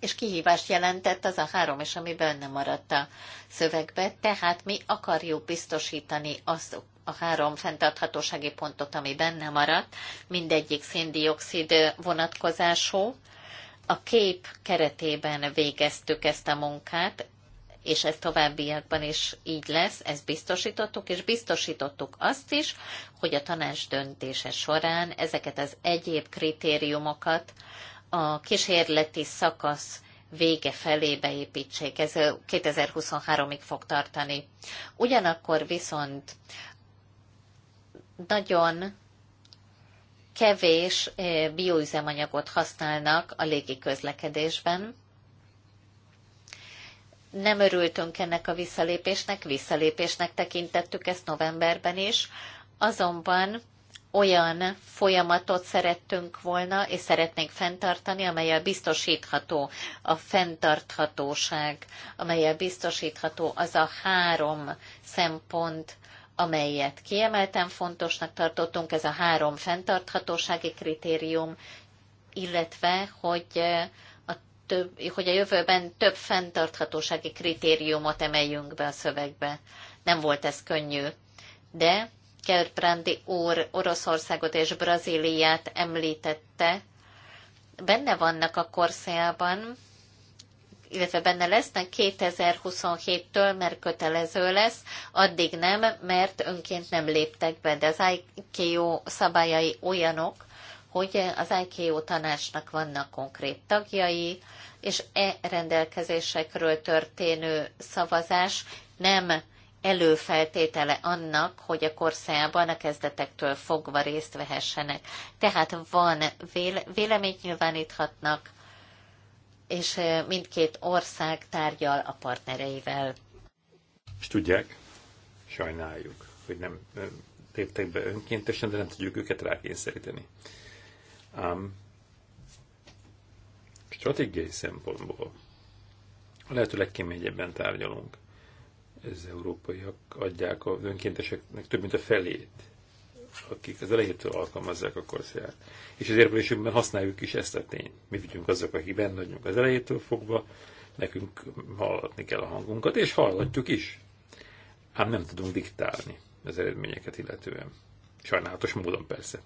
és kihívást jelentett az a három és ami benne maradt a szövegbe, tehát mi akarjuk biztosítani azt a három fenntarthatósági pontot, ami benne maradt, mindegyik széndiokszid vonatkozású. A kép keretében végeztük ezt a munkát, és ez továbbiakban is így lesz, ezt biztosítottuk, és biztosítottuk azt is, hogy a tanács döntése során ezeket az egyéb kritériumokat, a kísérleti szakasz vége felé beépítsék. Ez 2023-ig fog tartani. Ugyanakkor viszont nagyon kevés bioüzemanyagot használnak a légi közlekedésben. Nem örültünk ennek a visszalépésnek, visszalépésnek tekintettük ezt novemberben is, azonban olyan folyamatot szerettünk volna, és szeretnénk fenntartani, amelyel biztosítható a fenntarthatóság, amelyel biztosítható az a három szempont, amelyet kiemelten fontosnak tartottunk, ez a három fenntarthatósági kritérium, illetve, hogy eh, a, több, hogy a jövőben több fenntarthatósági kritériumot emeljünk be a szövegbe. Nem volt ez könnyű, de Gerbrandi úr Oroszországot és Brazíliát említette, benne vannak a korszában, illetve benne lesznek 2027-től, mert kötelező lesz, addig nem, mert önként nem léptek be, de az IKO szabályai olyanok, hogy az IKO tanácsnak vannak konkrét tagjai, és e rendelkezésekről történő szavazás nem előfeltétele annak, hogy a korszájában a kezdetektől fogva részt vehessenek. Tehát van, véleményt nyilváníthatnak, és mindkét ország tárgyal a partnereivel. És tudják, sajnáljuk, hogy nem téptek be önkéntesen, de nem tudjuk őket rákényszeríteni. Um, stratégiai szempontból a lehető legkeményebben tárgyalunk az európaiak adják a önkénteseknek több mint a felét, akik az elejétől alkalmazzák a korszáját. És az érvelésünkben használjuk is ezt a tényt. Mi vagyunk azok, akik benne vagyunk az elejétől fogva, nekünk hallatni kell a hangunkat, és hallatjuk is. Ám nem tudunk diktálni az eredményeket illetően. Sajnálatos módon persze.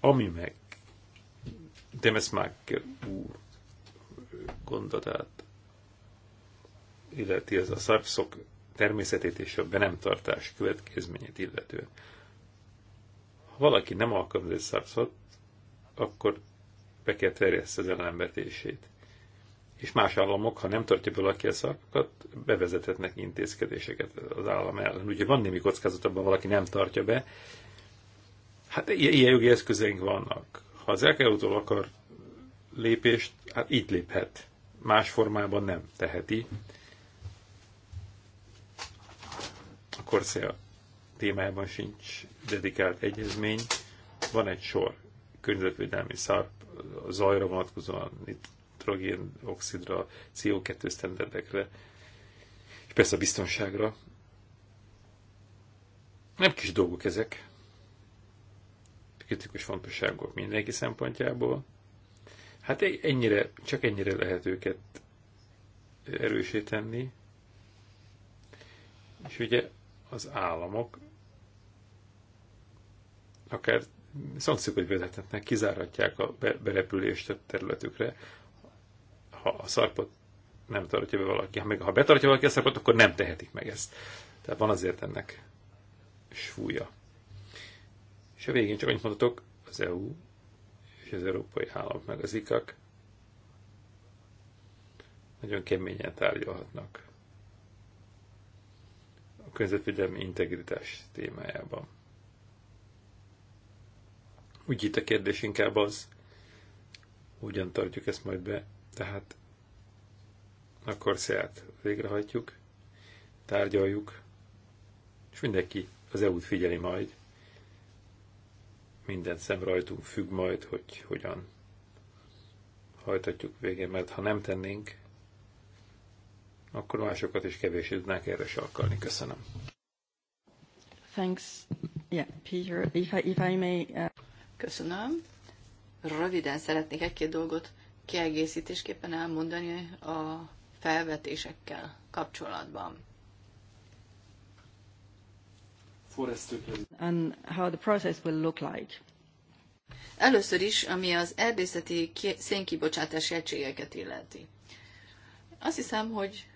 Ami meg Demesmaker úr gondolatát illeti, az a szakszok természetét és a benemtartás következményét illetően. Ha valaki nem alkalmaz egy szakszot, akkor be kell terjeszt az ellenvetését. És más államok, ha nem tartja be valaki a szakokat, bevezethetnek intézkedéseket az állam ellen. Ugye van némi kockázat abban, valaki nem tartja be. Hát ilyen jogi eszközeink vannak. Ha az elkerültől akar lépést, hát így léphet. Más formában nem teheti. a Corsair témájában sincs dedikált egyezmény. Van egy sor környezetvédelmi szar, a zajra vonatkozóan, nitrogén oxidra, CO2 sztenderdekre, és persze a biztonságra. Nem kis dolgok ezek, kritikus fontosságok mindenki szempontjából. Hát ennyire, csak ennyire lehet őket erősíteni. És ugye az államok akár szankciókat vezethetnek, kizárhatják a berepülést a területükre, ha a szarpot nem tartja be valaki. Ha meg ha betartja valaki a szarpot, akkor nem tehetik meg ezt. Tehát van azért ennek súlya. És a végén csak annyit mondhatok, az EU és az európai államok meg az ikak nagyon keményen tárgyalhatnak környezetvédelmi integritás témájában. Úgy itt a kérdés inkább az, hogyan tartjuk ezt majd be, tehát akkor szeát végrehajtjuk, tárgyaljuk, és mindenki az EU-t figyeli majd, minden szem rajtunk függ majd, hogy hogyan hajtatjuk végén, mert ha nem tennénk, akkor másokat is kevésbé tudnánk erre sarkalni. Köszönöm. Thanks. Yeah, Peter, if I, if I may, uh... Köszönöm. Röviden szeretnék egy-két dolgot kiegészítésképpen elmondani a felvetésekkel kapcsolatban. And how the process will look like. Először is, ami az erdészeti szénkibocsátási egységeket illeti. Azt hiszem, hogy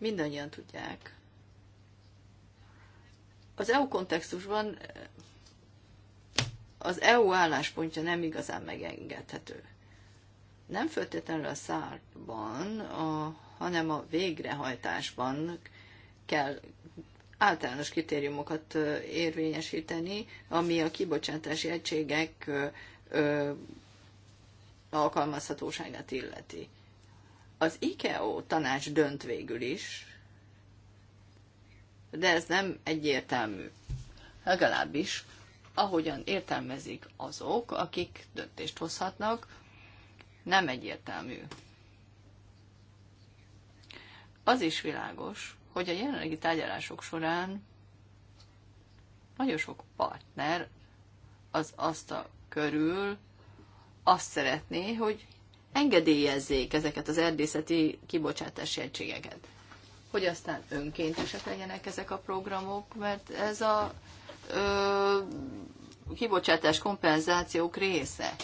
mindannyian tudják. Az EU kontextusban eh, az EU álláspontja nem igazán megengedhető. Nem feltétlenül a szárban, a, hanem a végrehajtásban kell általános kritériumokat eh, érvényesíteni, ami a kibocsátási egységek eh, alkalmazhatóságát illeti. Az IKEO tanács dönt végül is, de ez nem egyértelmű. Legalábbis, ahogyan értelmezik azok, akik döntést hozhatnak, nem egyértelmű. Az is világos, hogy a jelenlegi tárgyalások során nagyon sok partner az azt a körül azt szeretné, hogy engedélyezzék ezeket az erdészeti kibocsátási egységeket. Hogy aztán önkéntesek legyenek ezek a programok, mert ez a ö, kibocsátás kompenzációk része.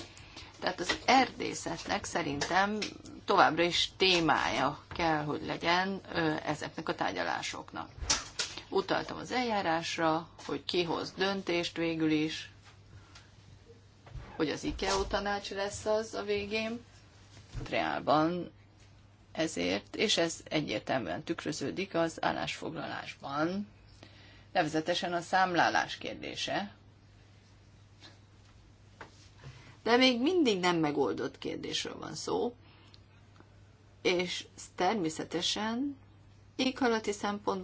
Tehát az erdészetnek szerintem továbbra is témája kell, hogy legyen ezeknek a tárgyalásoknak. Utaltam az eljárásra, hogy kihoz döntést végül is, hogy az IKEA tanács lesz az a végén, Montrealban ezért, és ez egyértelműen tükröződik az állásfoglalásban, nevezetesen a számlálás kérdése, de még mindig nem megoldott kérdésről van szó, és természetesen éghajlati szempontból